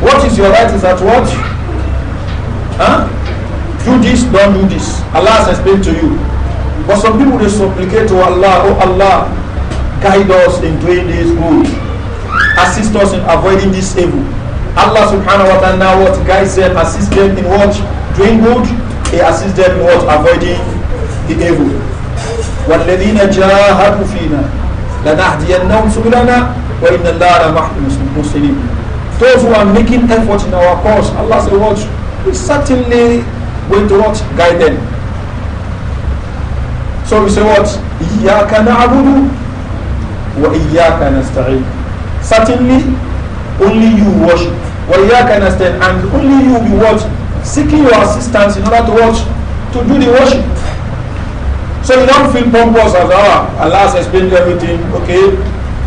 What is your right is that what? Huh? Do this, don't do this. Allah has explained to you. But some people they supplicate to Allah, oh Allah, guide us in doing this good. Assist us in avoiding this evil. Allah subhanahu wa ta'ala now what Guide them, assist them in what? Doing good, he assists them in what? Avoiding the evil. وَالَّذِينَ جَاهَدُوا فِينَا لَنَهْدِيَنَّهُمْ سبلنا Wa inna Allah mahmilus Those who are making effort in our cause, Allah says, what? We certainly going to what? Guide them. So we say what? Iyaka na'budu wa iyaka Certainly, only you worship. Wa iyaka And only you be what? Seeking your assistance in order to watch, to do the worship. So you don't feel pompous as Allah. Allah has explained everything. Okay,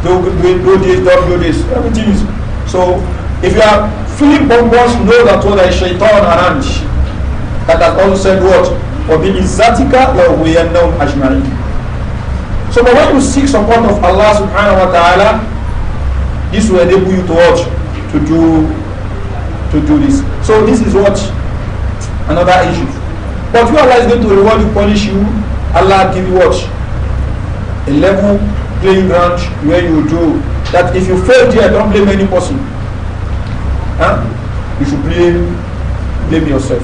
do, do, do this, don't do this. Everything is. So if you are feeling bombos, know that what I is shaitan around. That has also said what? for وَبِإِزَّتِكَ لَوْهُيَنَّهُمْ أَجْمَعِينَ So but when you seek support of Allah subhanahu wa ta'ala, this will enable you to watch, to do, to do this. So this is what? Another issue. But you Allah is going to reward you, punish you, Allah give you what? A level Playing playground where you do that if you fail there, don't blame any person. Huh? You should blame blame yourself.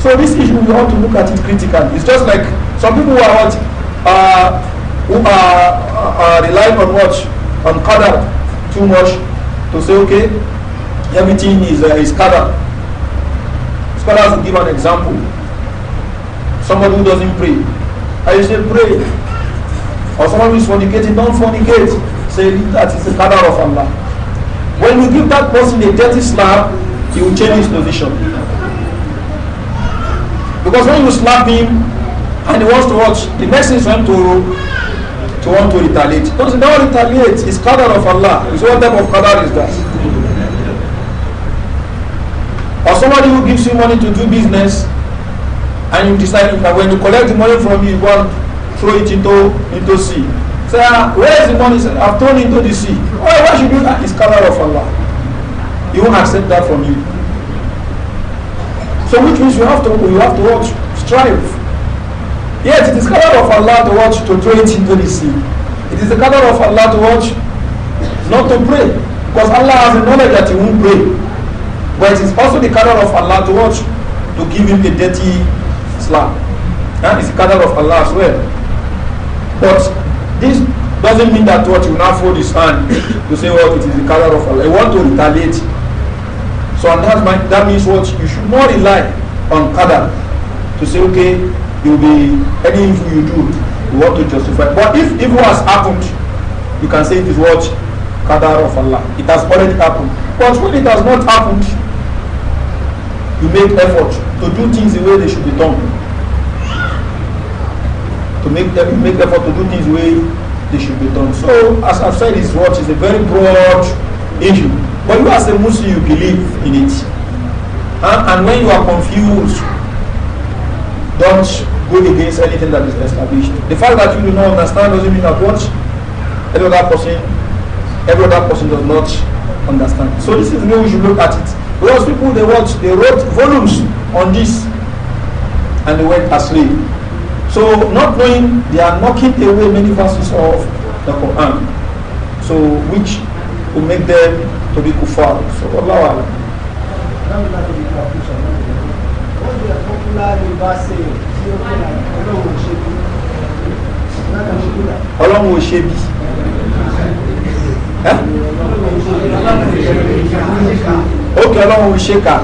So this issue we want to look at it critically. It's just like some people who are what uh, who are, uh, are relying on what on qadar too much to say okay everything is uh, is qadar. Scholars will give an example. Somebody who doesn't pray, I say pray or someone who is fornicating, don't fornicate. Say that is the color of Allah. When you give that person a dirty slap, he will change his position. Because when you slap him and he wants to watch, the next thing is for him to, to want to retaliate. Don't, don't retaliate, it's qadar of Allah. So what type of qadar is that? Or somebody who gives you money to do business and you decide, that when you collect the money from you, you go throw it into into sea. Say, ah, where is the money? Say, I've thrown into the sea. Oh, why should you? do that? it's color of Allah. He won't accept that from you. So which means you have to you have to watch, strive. Yes, it is color of Allah to watch to throw it into the sea. It is the color of Allah to watch not to pray. Because Allah has the knowledge that he won't pray. But it is also the color of Allah to watch to give him a dirty slap. That is the color of Allah as well. But this doesn't mean that what you now fold his hand to say what it is the color of Allah. You want to retaliate. So and that, that means what you should not rely on qadar to say okay you'll be any evil you do you want to justify. But if evil has happened, you can say it is what qadar of Allah. It has already happened. But when it has not happened, you make effort to do things the way they should be done to make them make effort to do things the way they should be done. So as I've said, it's what is a very broad issue. But you as a Muslim, you believe in it, and, and when you are confused, don't go against anything that is established. The fact that you do not understand doesn't mean that what every other person, every other person does not understand. So this is the way we should look at it. Those people they watch, they wrote volumes on this, and they went asleep. So not knowing, they are knocking away many verses of the Quran. So which will make them to be kuffar. So Allah Allah. Ọlọ́run ò ṣe bí. Ó kẹ́ ọlọ́run ò ṣe kà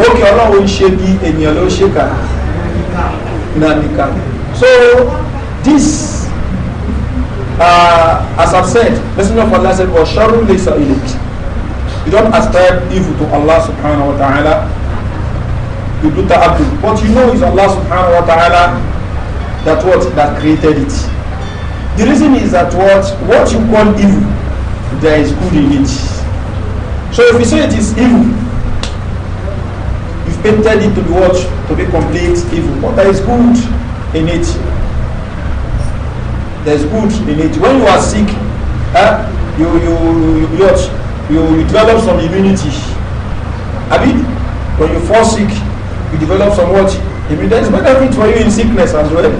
ókè ọlọ́run ń ṣe bí ènìyàn ló ń ṣe kà nàbìkà so this uh, as I've said messenger of Allah said ọ̀ṣọ́rù lè sọ ìlú you don't ascribe evil to Allah subhanahu wa ta'ala you do ta'abdu what you know is Allah subhanahu wa ta'ala that what that created it the reason is that what what you call evil there is good in it. So if we say it is evil, you've painted it to be what? To be complete evil. But there is good in it. There's good in it. When you are sick, eh, you, you, you, you, you develop some immunity. I mean, when you fall sick, you develop some what? Immunity. There's benefit for you in sickness as well.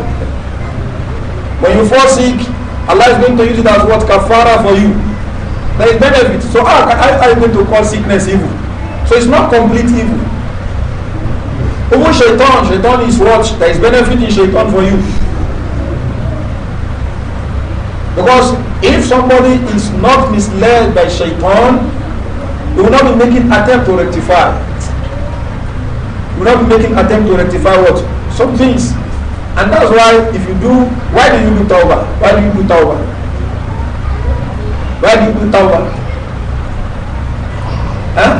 When you fall sick, Allah is going to use it as what? Kafara for you. There is benefit. So how, how are you going to call sickness evil? So it's not complete evil. Even shaitan, shaitan is what? There is benefit in shaitan for you. Because if somebody is not misled by shaitan, he will not be making attempt to rectify. He will not be making attempt to rectify what? Some things. And that's why if you do, why do you do tauba? Why do you do tauba? Why do you do tawbah? Huh?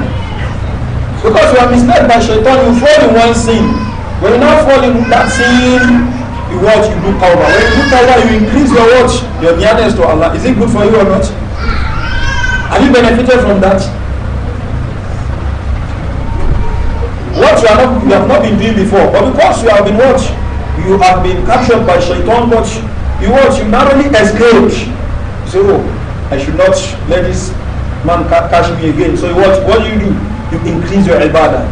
Because you are misled by shaitan, you fall in one sin. When you now fall in that sin, you watch, you do tawbah. When you do tawbah, you increase your watch, your nearness to Allah. Is it good for you or not? Have you benefited from that? What you, are not, you have not been doing before, but because you have been what? You have been captured by shaitan, Watch, you watch, you narrowly escaped. You say, oh, I should not let this man ca catch me again. So what, what do you do? You increase your ibadah.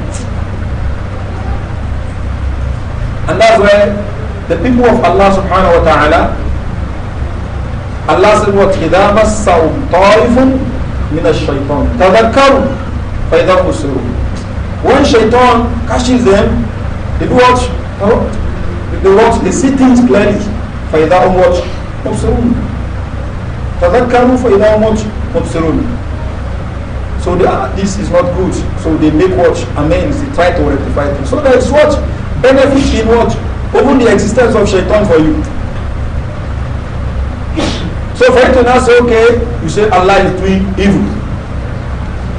And that's where the people of Allah subhanahu wa ta'ala, Allah said what? إِذَا مَسَّهُمْ طَائِفٌ مِنَ الشَّيْطَانِ تَذَكَّرُوا فَإِذَا خُسِرُوا When shaitan catches them, they do what? Oh, they watch, they see things clearly. فَإِذَا هُمْ what? فذكروا فإذا هم مبصرون so they, uh, this is not good so they make what amends they try to rectify things so there is what benefit in what even the existence of shaitan for you so for you to now say okay you say Allah is doing evil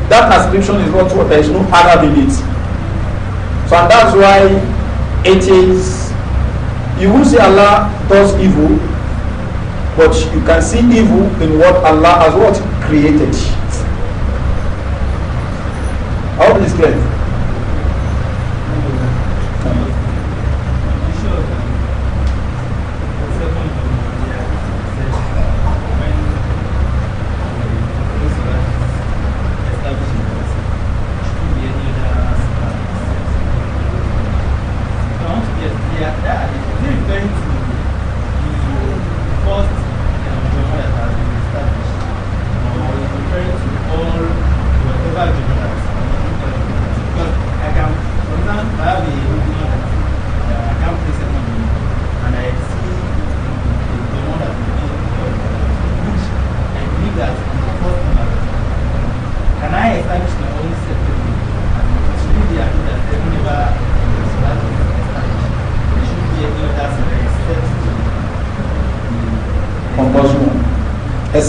that ascription is not what there is no other in it so and that's why it is you will say Allah does evil But you can see evil in what Allah has what created. I hope this clear.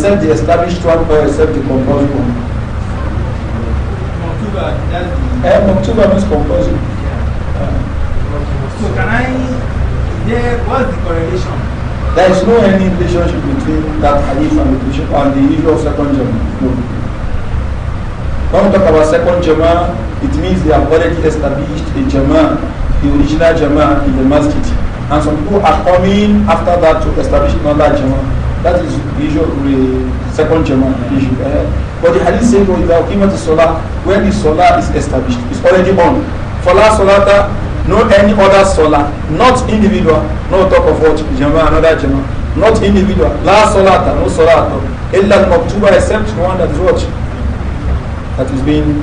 except the established one or except the compulsory one. Moktuba, that's the... Eh, Moktuba means compulsory. Yeah. Uh, so can I... There, what's the correlation? There is no any relationship between that hadith and the, bishop and the issue of second Jama. No. When we talk about second Jama, it means they have already established a Jama, the original Jama in the masjid. And some people are coming after that to establish another Jama. That is usual uh, second German issue. Uh, but the hadith says without qimatu solar when the solar is established, it's already on. Fala salata, no any other solar, not individual, no talk of what German, another German, not individual. La salata, no salata. Illa al-maktuba except one that is what? That is being,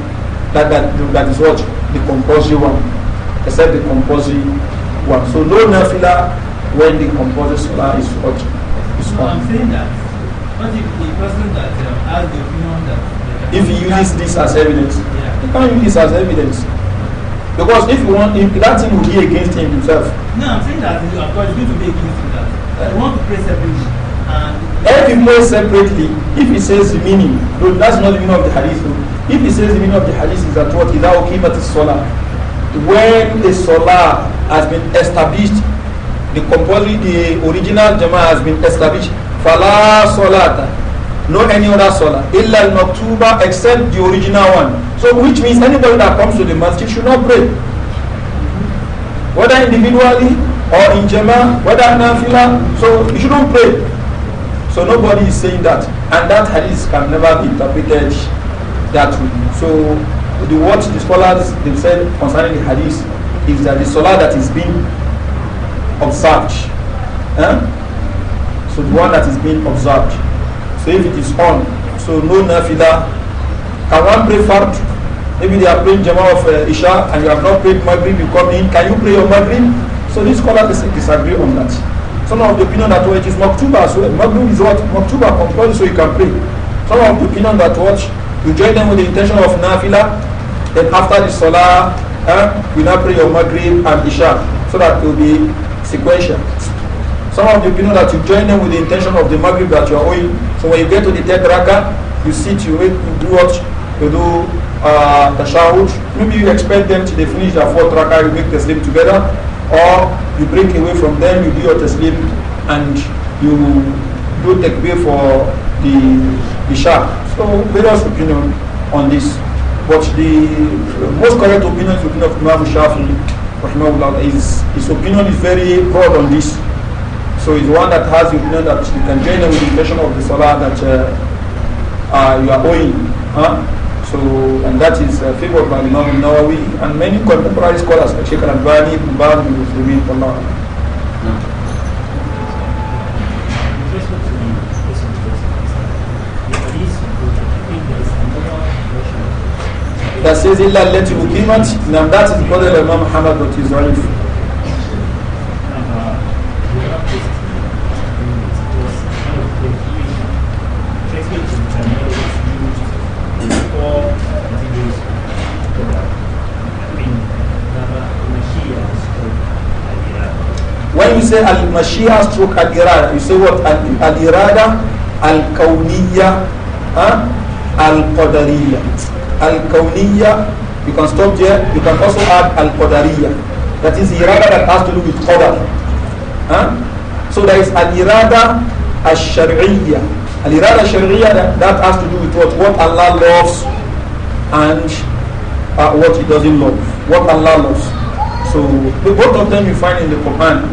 that, that, that is what? The composite one. Except the composite one. So no nafila when the composite solar is what? Is on. No, I'm saying that If you use this as evidence, yeah. you can't use this as evidence. Because if you want, if that thing will be against him himself. No, I'm saying that you are going to be against him. That uh, you want to pray separately. And every you pray separately, if he says the meaning, no, that's not the meaning of the hadith. No. If he says the meaning of the hadith is that what is that okay but is solar. When the solar has been established, the compulsory, the original jama has been established. Falasolata no any other solar, illa al-maktuba except the original one so which means anybody that comes to the masjid should not pray whether individually or in jama whether nafila so you shouldn't pray so nobody is saying that and that hadith can never be interpreted that way so the what the scholars themselves concerning the hadith is that the solar that is being observed eh? so the one that is being observed So if it is on, so no nafila. Can one pray fard? Maybe they are praying Jama of uh, Isha and you have not prayed Maghrib, you come in. Can you pray your Maghrib? So this scholar is disagree on that. Some of the opinion that well, it is Maktuba, so Maghrib is what? Maktuba compulsory, so you can pray. Some of the opinion that watch, you join them with the intention of nafila, then after the Salah, eh, you now pray your Maghrib and Isha, so that will be sequential. Some of the opinion that you join them with the intention of the Maghrib that you are owing So when you get to the third rakah, you sit, you wait, you do what? You do uh, tashahud. Maybe you expect them to they finish their fourth rakah, you make sleep together. Or you break away from them, you do your sleep, and you do takbir for the Isha. So various opinion on this. But the most correct opinion is the opinion of Imam Shafi, is his opinion is very broad on this. So it's one that has you know that you can join with the intention of the salah that uh, uh, you are owing. Huh? So, and that is uh, favored by Imam Nawawi and many contemporary scholars like Sheikh Al-Albani, Ibn Baz, Ibn Uthaymeen, Allah. That says, Illa leti uqimat, now that is the brother of Imam Muhammad, but he's right. When you say al-mashia stroke al-irada, you say what? Al-irada al-kawniyya huh? al-qadariyya. Al-kawniyya, you can stop there. You can also add al-qadariyya. That is irada that has to do with qadar. Huh? So there is al-irada al-shar'iyya. Al-irada al-shar'iyya, that, that has to do with what? What Allah loves and uh, what he doesn't love, what Allah loves. So both of them you find in the Quran.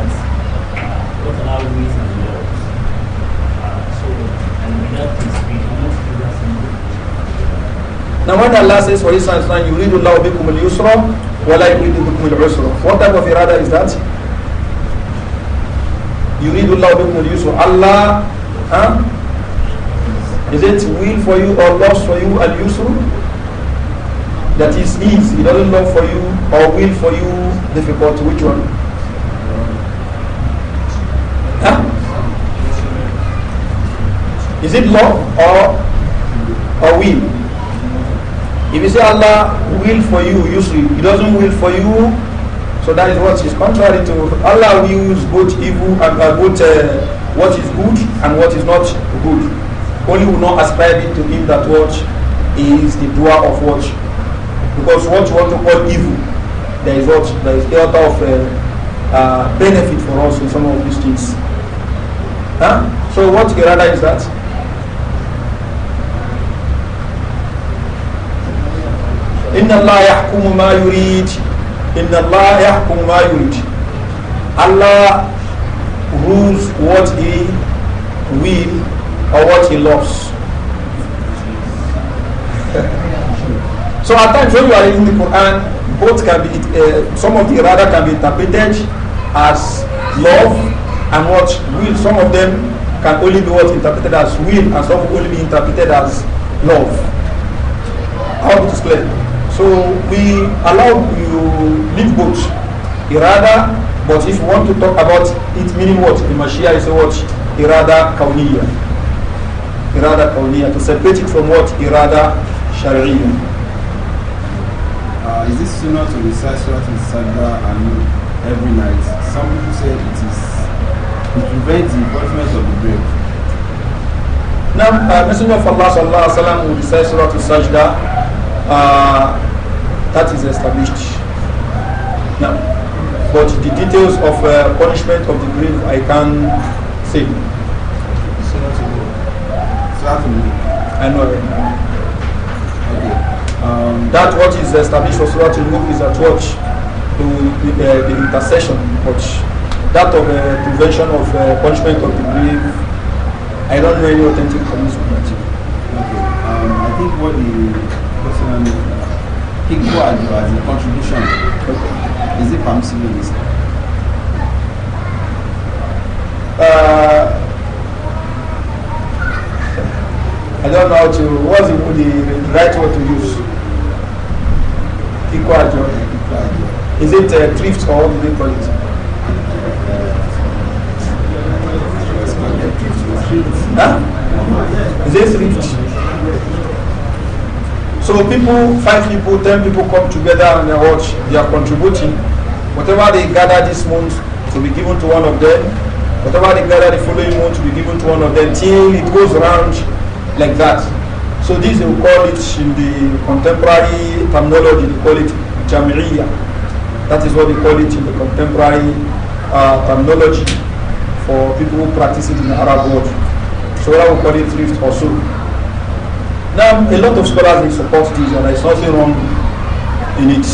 Now when Allah says, for instance, you read Allah bikum al yusra, wa la yuridu bikum al usra. What type of irada is that? You read Allah bikum al yusra. Allah, huh? Is it will for you or loss for you al yusra? That is ease. He doesn't love for you or will for you difficult. Which one? Huh? Is it love or or will? If you say Allah will for you, you see, He doesn't will for you. So that is what is contrary to Allah wills both evil and uh, both uh, what is good and what is not good. Only will not ascribe it to him that is the doer of watch. Because what you want to call evil, there is what there is a lot of uh, uh, benefit for us in some of these things. Huh? So what rather is that? inna Allah yahkumu ma yurid inna Allah yahkumu ma yurid Allah rules what he will or what he loves so at times when you are reading the Quran both can be uh, some of the rather can be interpreted as love and what will some of them can only be what interpreted as will and some only be interpreted as love. how to explain So we allow you leave both. Irada, but if you want to talk about it meaning what? The Mashiach is what? Irada Kauniya. Irada Kauniya. To separate it from what? Irada Shari'iyya. Uh, is it sooner to recite Surah Al-Sadr and every night? Some people say it is it prevents the involvement of the brain. Now, uh, Messenger of Allah sallallahu alaihi wasallam will recite Surah Al-Sajda uh, that is established. Now, but the details of uh, punishment of the grave, I can say. I know. Okay. Um, that what is established for Surah to is a watch to the, uh, the intercession watch. That of uh, prevention of uh, punishment of the grave, I don't know any authentic comments on that. Okay. Um, I think what the person Kikwajo as a contribution. Okay. Is it permissible in Uh, I don't know to, what's the, the right word to use? Kikwajo. Kikwajo. Is it uh, thrift or what do they call it? Huh? is it thrift? So people, five people, ten people come together and they watch. They are contributing. Whatever they gather this month to be given to one of them. Whatever they gather the following month to be given to one of them. Till it goes around like that. So this we call it in the contemporary terminology. They call it jamiria. That is what they call it in the contemporary uh, terminology for people who practice it in the Arab world. So that we call it thrift or so. Now, a lot of scholars they support this, and there's nothing wrong in it.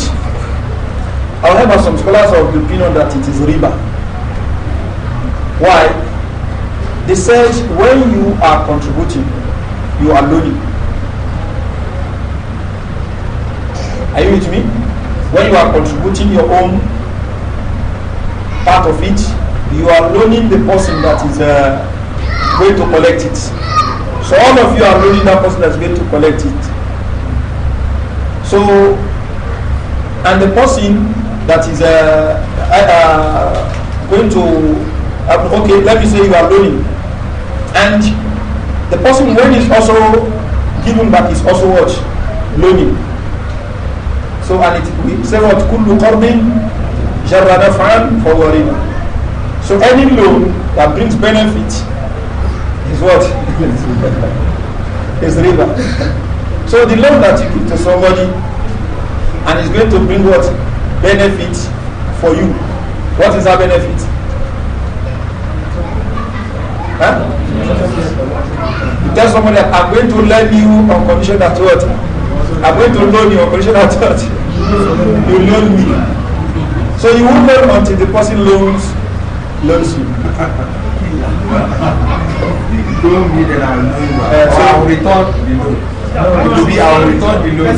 However, some scholars are of the opinion that it is riba. Why? They said when you are contributing, you are loaning. Are you with me? When you are contributing your own part of it, you are loaning the person that is uh, going to collect it. So all of you are knowing that person that's going to collect it. So, and the person that is uh, uh, uh going to, uh, okay, let me say you are loaning. And the person when is also given back is also what? Loaning. So, and it, we say what? Kullu qarbin jarrada for fawarina. So any loan that brings benefit is what? it's riba. So the loan that you give to somebody and it's going to bring what? Benefit for you. What is that benefit? Huh? You tell somebody I'm going to lend you on condition that what? I'm going to loan you on condition that what? You loan me. So you won't loan until the person loans loans you show me then I will know you uh, so I will return below it will be I will return below it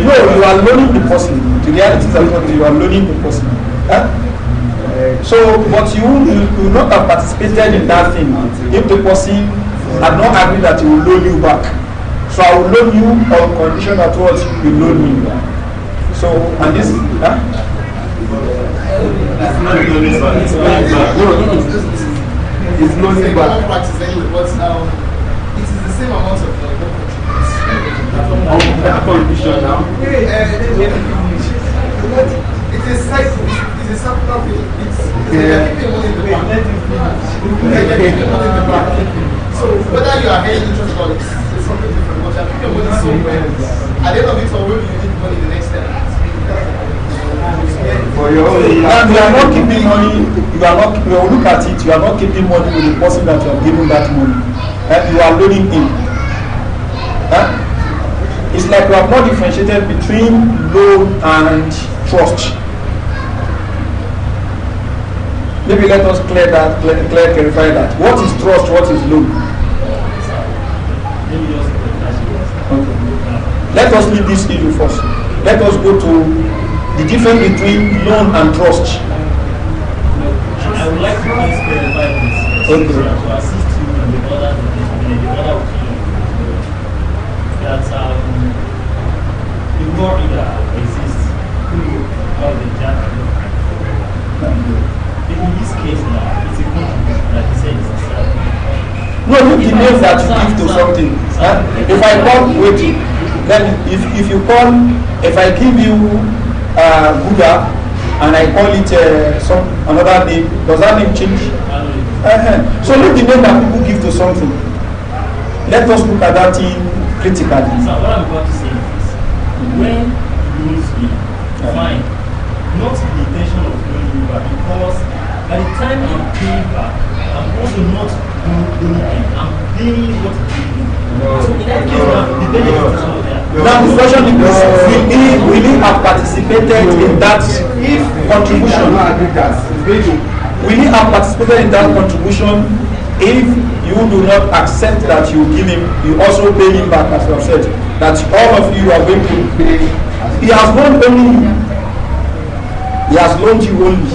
no you are learning the person the reality is that you are learning the person eh? So, but you would not have participated in that thing if the person had not agreed that he will loan you back. So I will loan you on condition that what you loan me. So, and this. Huh? It's not really bad. It's not bad. It's not bad. It's practice anyway, but now. it is the same amount of like that condition now. It is cycle. It is circular way. It's keeping money in the back. So whether you are paying interest or it's something different, but you are keeping money somewhere. At the end of it, or will you And you are not keeping money, you are not, you look at it, you are not keeping money with the person that you are giving that money. And you are loaning him. Huh? It's like we have not differentiated between loan and trust. Maybe let us clear that, clear, clear clarify that. What is trust? What is loan? Okay. Let us leave this issue first. Let us go to The difference between loan and trust. I would like to ask the this. Okay. To assist you in the order in the order of that um, the world that exists out the jacket. In this case now, it's a contract that he says it's no, look the name that you give to something. Huh? If I call, wait, then if, if you call, if I give you uh, Buddha and I call it uh, some another name, does that name change? Uh-huh. So look the name that people give to something. Let us look at that thing critically. So what I'm about to say is, when you use me, fine, not the intention of doing you, but because by the time I'm paying back, I'm also not doing anything. I'm paying what you doing. me. So in that case, the benefit is not Now the question we this, will have participated in that if contribution? We he have participated in that contribution if you do not accept that you give him, you also pay him back as you have said, that all of you are going to pay. He has loaned only you. He has loaned you only.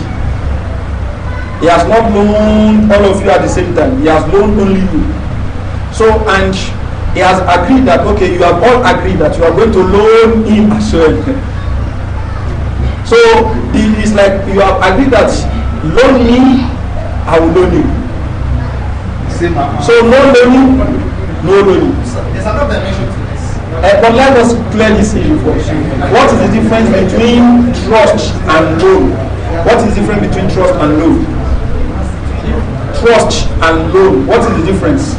He has not loaned all of you at the same time. He has loaned only you. So, and he has agreed that okay you have all agreed that you are going to loan him as well. so it is like you have agreed that loan me i will loan you so no loaning no loaning uh, eh, but let us clearly see it what is the difference between trust and loan what is the difference between trust and loan trust and loan what is the difference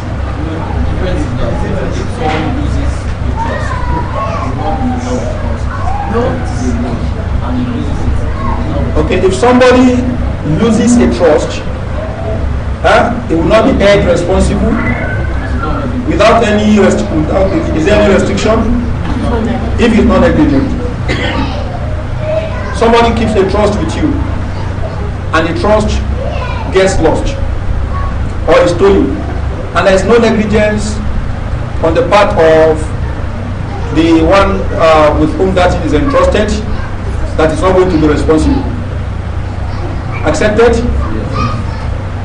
Okay, if somebody loses a trust, huh, it will not be held responsible without any rest without is there any restriction? If it's not negligent. Somebody keeps a trust with you and the trust gets lost or is stolen and there is no negligence on the part of the one uh, with whom that is entrusted that is not going to be responsible. Accepted?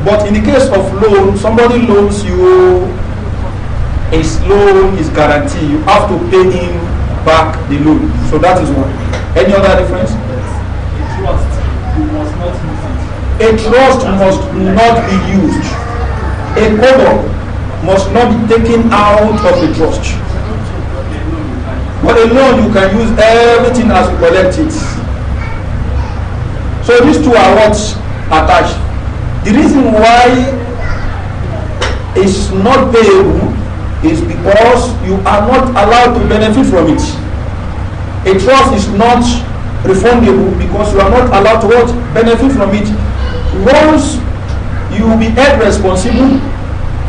But in the case of loan, somebody loans you, his loan is guaranteed. You have to pay him back the loan. So that is one. Any other difference? A trust, must not be used. A trust must not be used. A cover must not be taken out of the trust. But alone, you can use everything as you collect it. So these two are what attached. The reason why it's not payable is because you are not allowed to benefit from it. A trust is not refundable because you are not allowed to what benefit from it. Once you will be held responsible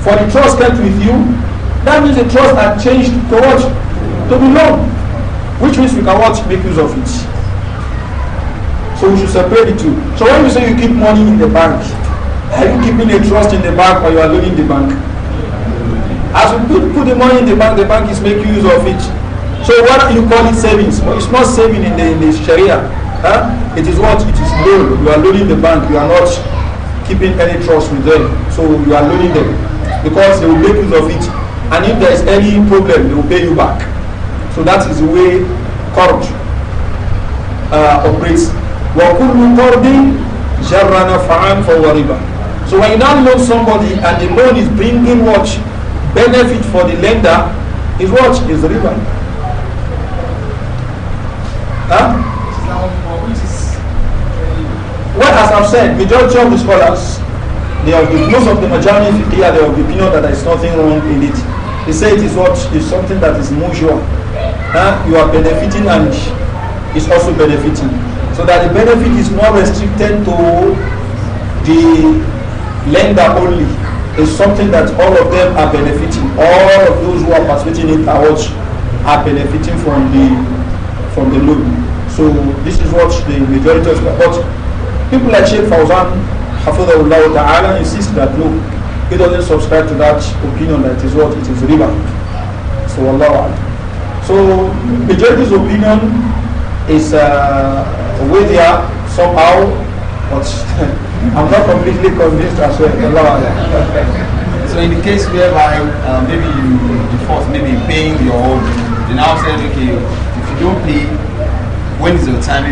for the trust kept with you, that means the trust had changed to what? To be loan. Which means we can what? Make use of it. So we should separate the two. So when you say you keep money in the bank, are you keeping a trust in the bank or you are loaning the bank? As you put, put the money in the bank, the bank is making use of it. So what you call it savings? But it's not saving in the, in the Sharia. Huh? It is what? It is loan. You are loaning the bank. You are not keeping any trust with them. So you are loaning them because they will make use of it and if there is any problem they will pay you back so that is the way qard uh, operates وَكُلُّ jarana faran for wariba. so when you now loan somebody and the loan is bringing much benefit for the lender his watch is riba huh? well as I've said majority of the scholars They have most of the majority Fiqhiyah, they have the opinion that there is nothing wrong in it. They say it is what is something that is mutual. Huh? You are benefiting and it's also benefiting. So that the benefit is not restricted to the lender only. It's something that all of them are benefiting. All of those who are participating in it are, are benefiting from the from the loan. So this is what the majority of but people like Sheikh Fauzan Hafidhullah Ta'ala insists that no, he doesn't subscribe to that opinion that is what it is riba. So Allah. So majority's opinion is uh, ya somehow, but I'm not completely convinced as well. so in the case whereby uh, maybe you default, maybe paying your own, they now say, okay, if you don't pay, when is your time?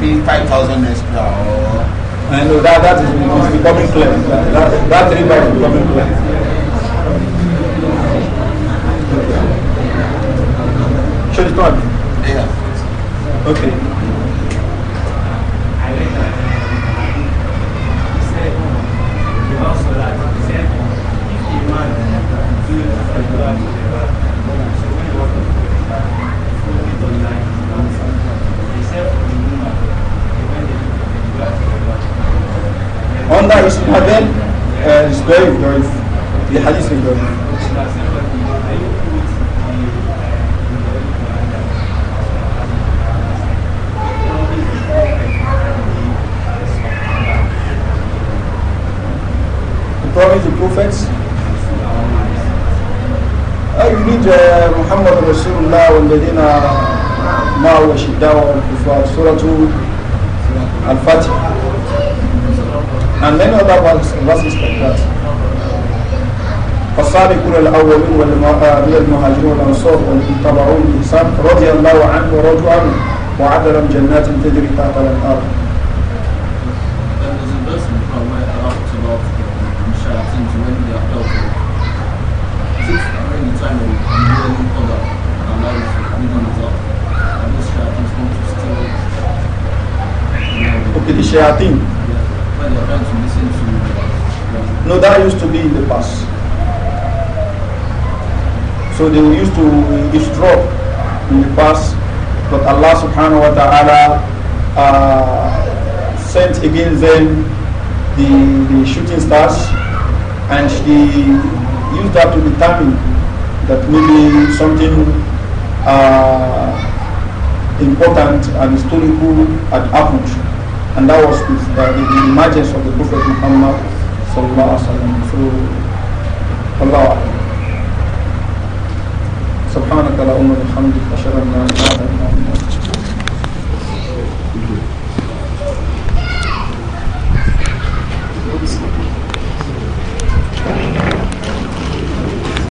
Maybe pay 5,000 extra or and that, that is, becoming clear. That, that, that river is becoming clear. Should it not? Yeah. Okay. you Under Islam then uh, is very ضعيف. The hadith is ضعيف. The prophets, the prophets. I read uh, Muhammad Rasulullah والذين معه شداء الكفار سورة الفاتحة and many other verses, verses like that. فالسابقون الأولون آه، من المهاجرون والأنصار والذين الإنسان رضي الله عنه ورضوا عنه وعدل لهم جنات تجري تحت الأرض. Okay, the shayateen. No, that used to be in the past. So they used to eavesdrop in the past, but Allah subhanahu wa ta'ala uh, sent against them the, the shooting stars and she used that to determine that maybe something uh, important and historical had happened. And that was with uh, the, the emergence of the Prophet Muhammad sallallahu alaihi wasallam. So, Allah سبحانك اللهم وبحمدك أشهد أن لا إله إلا أنت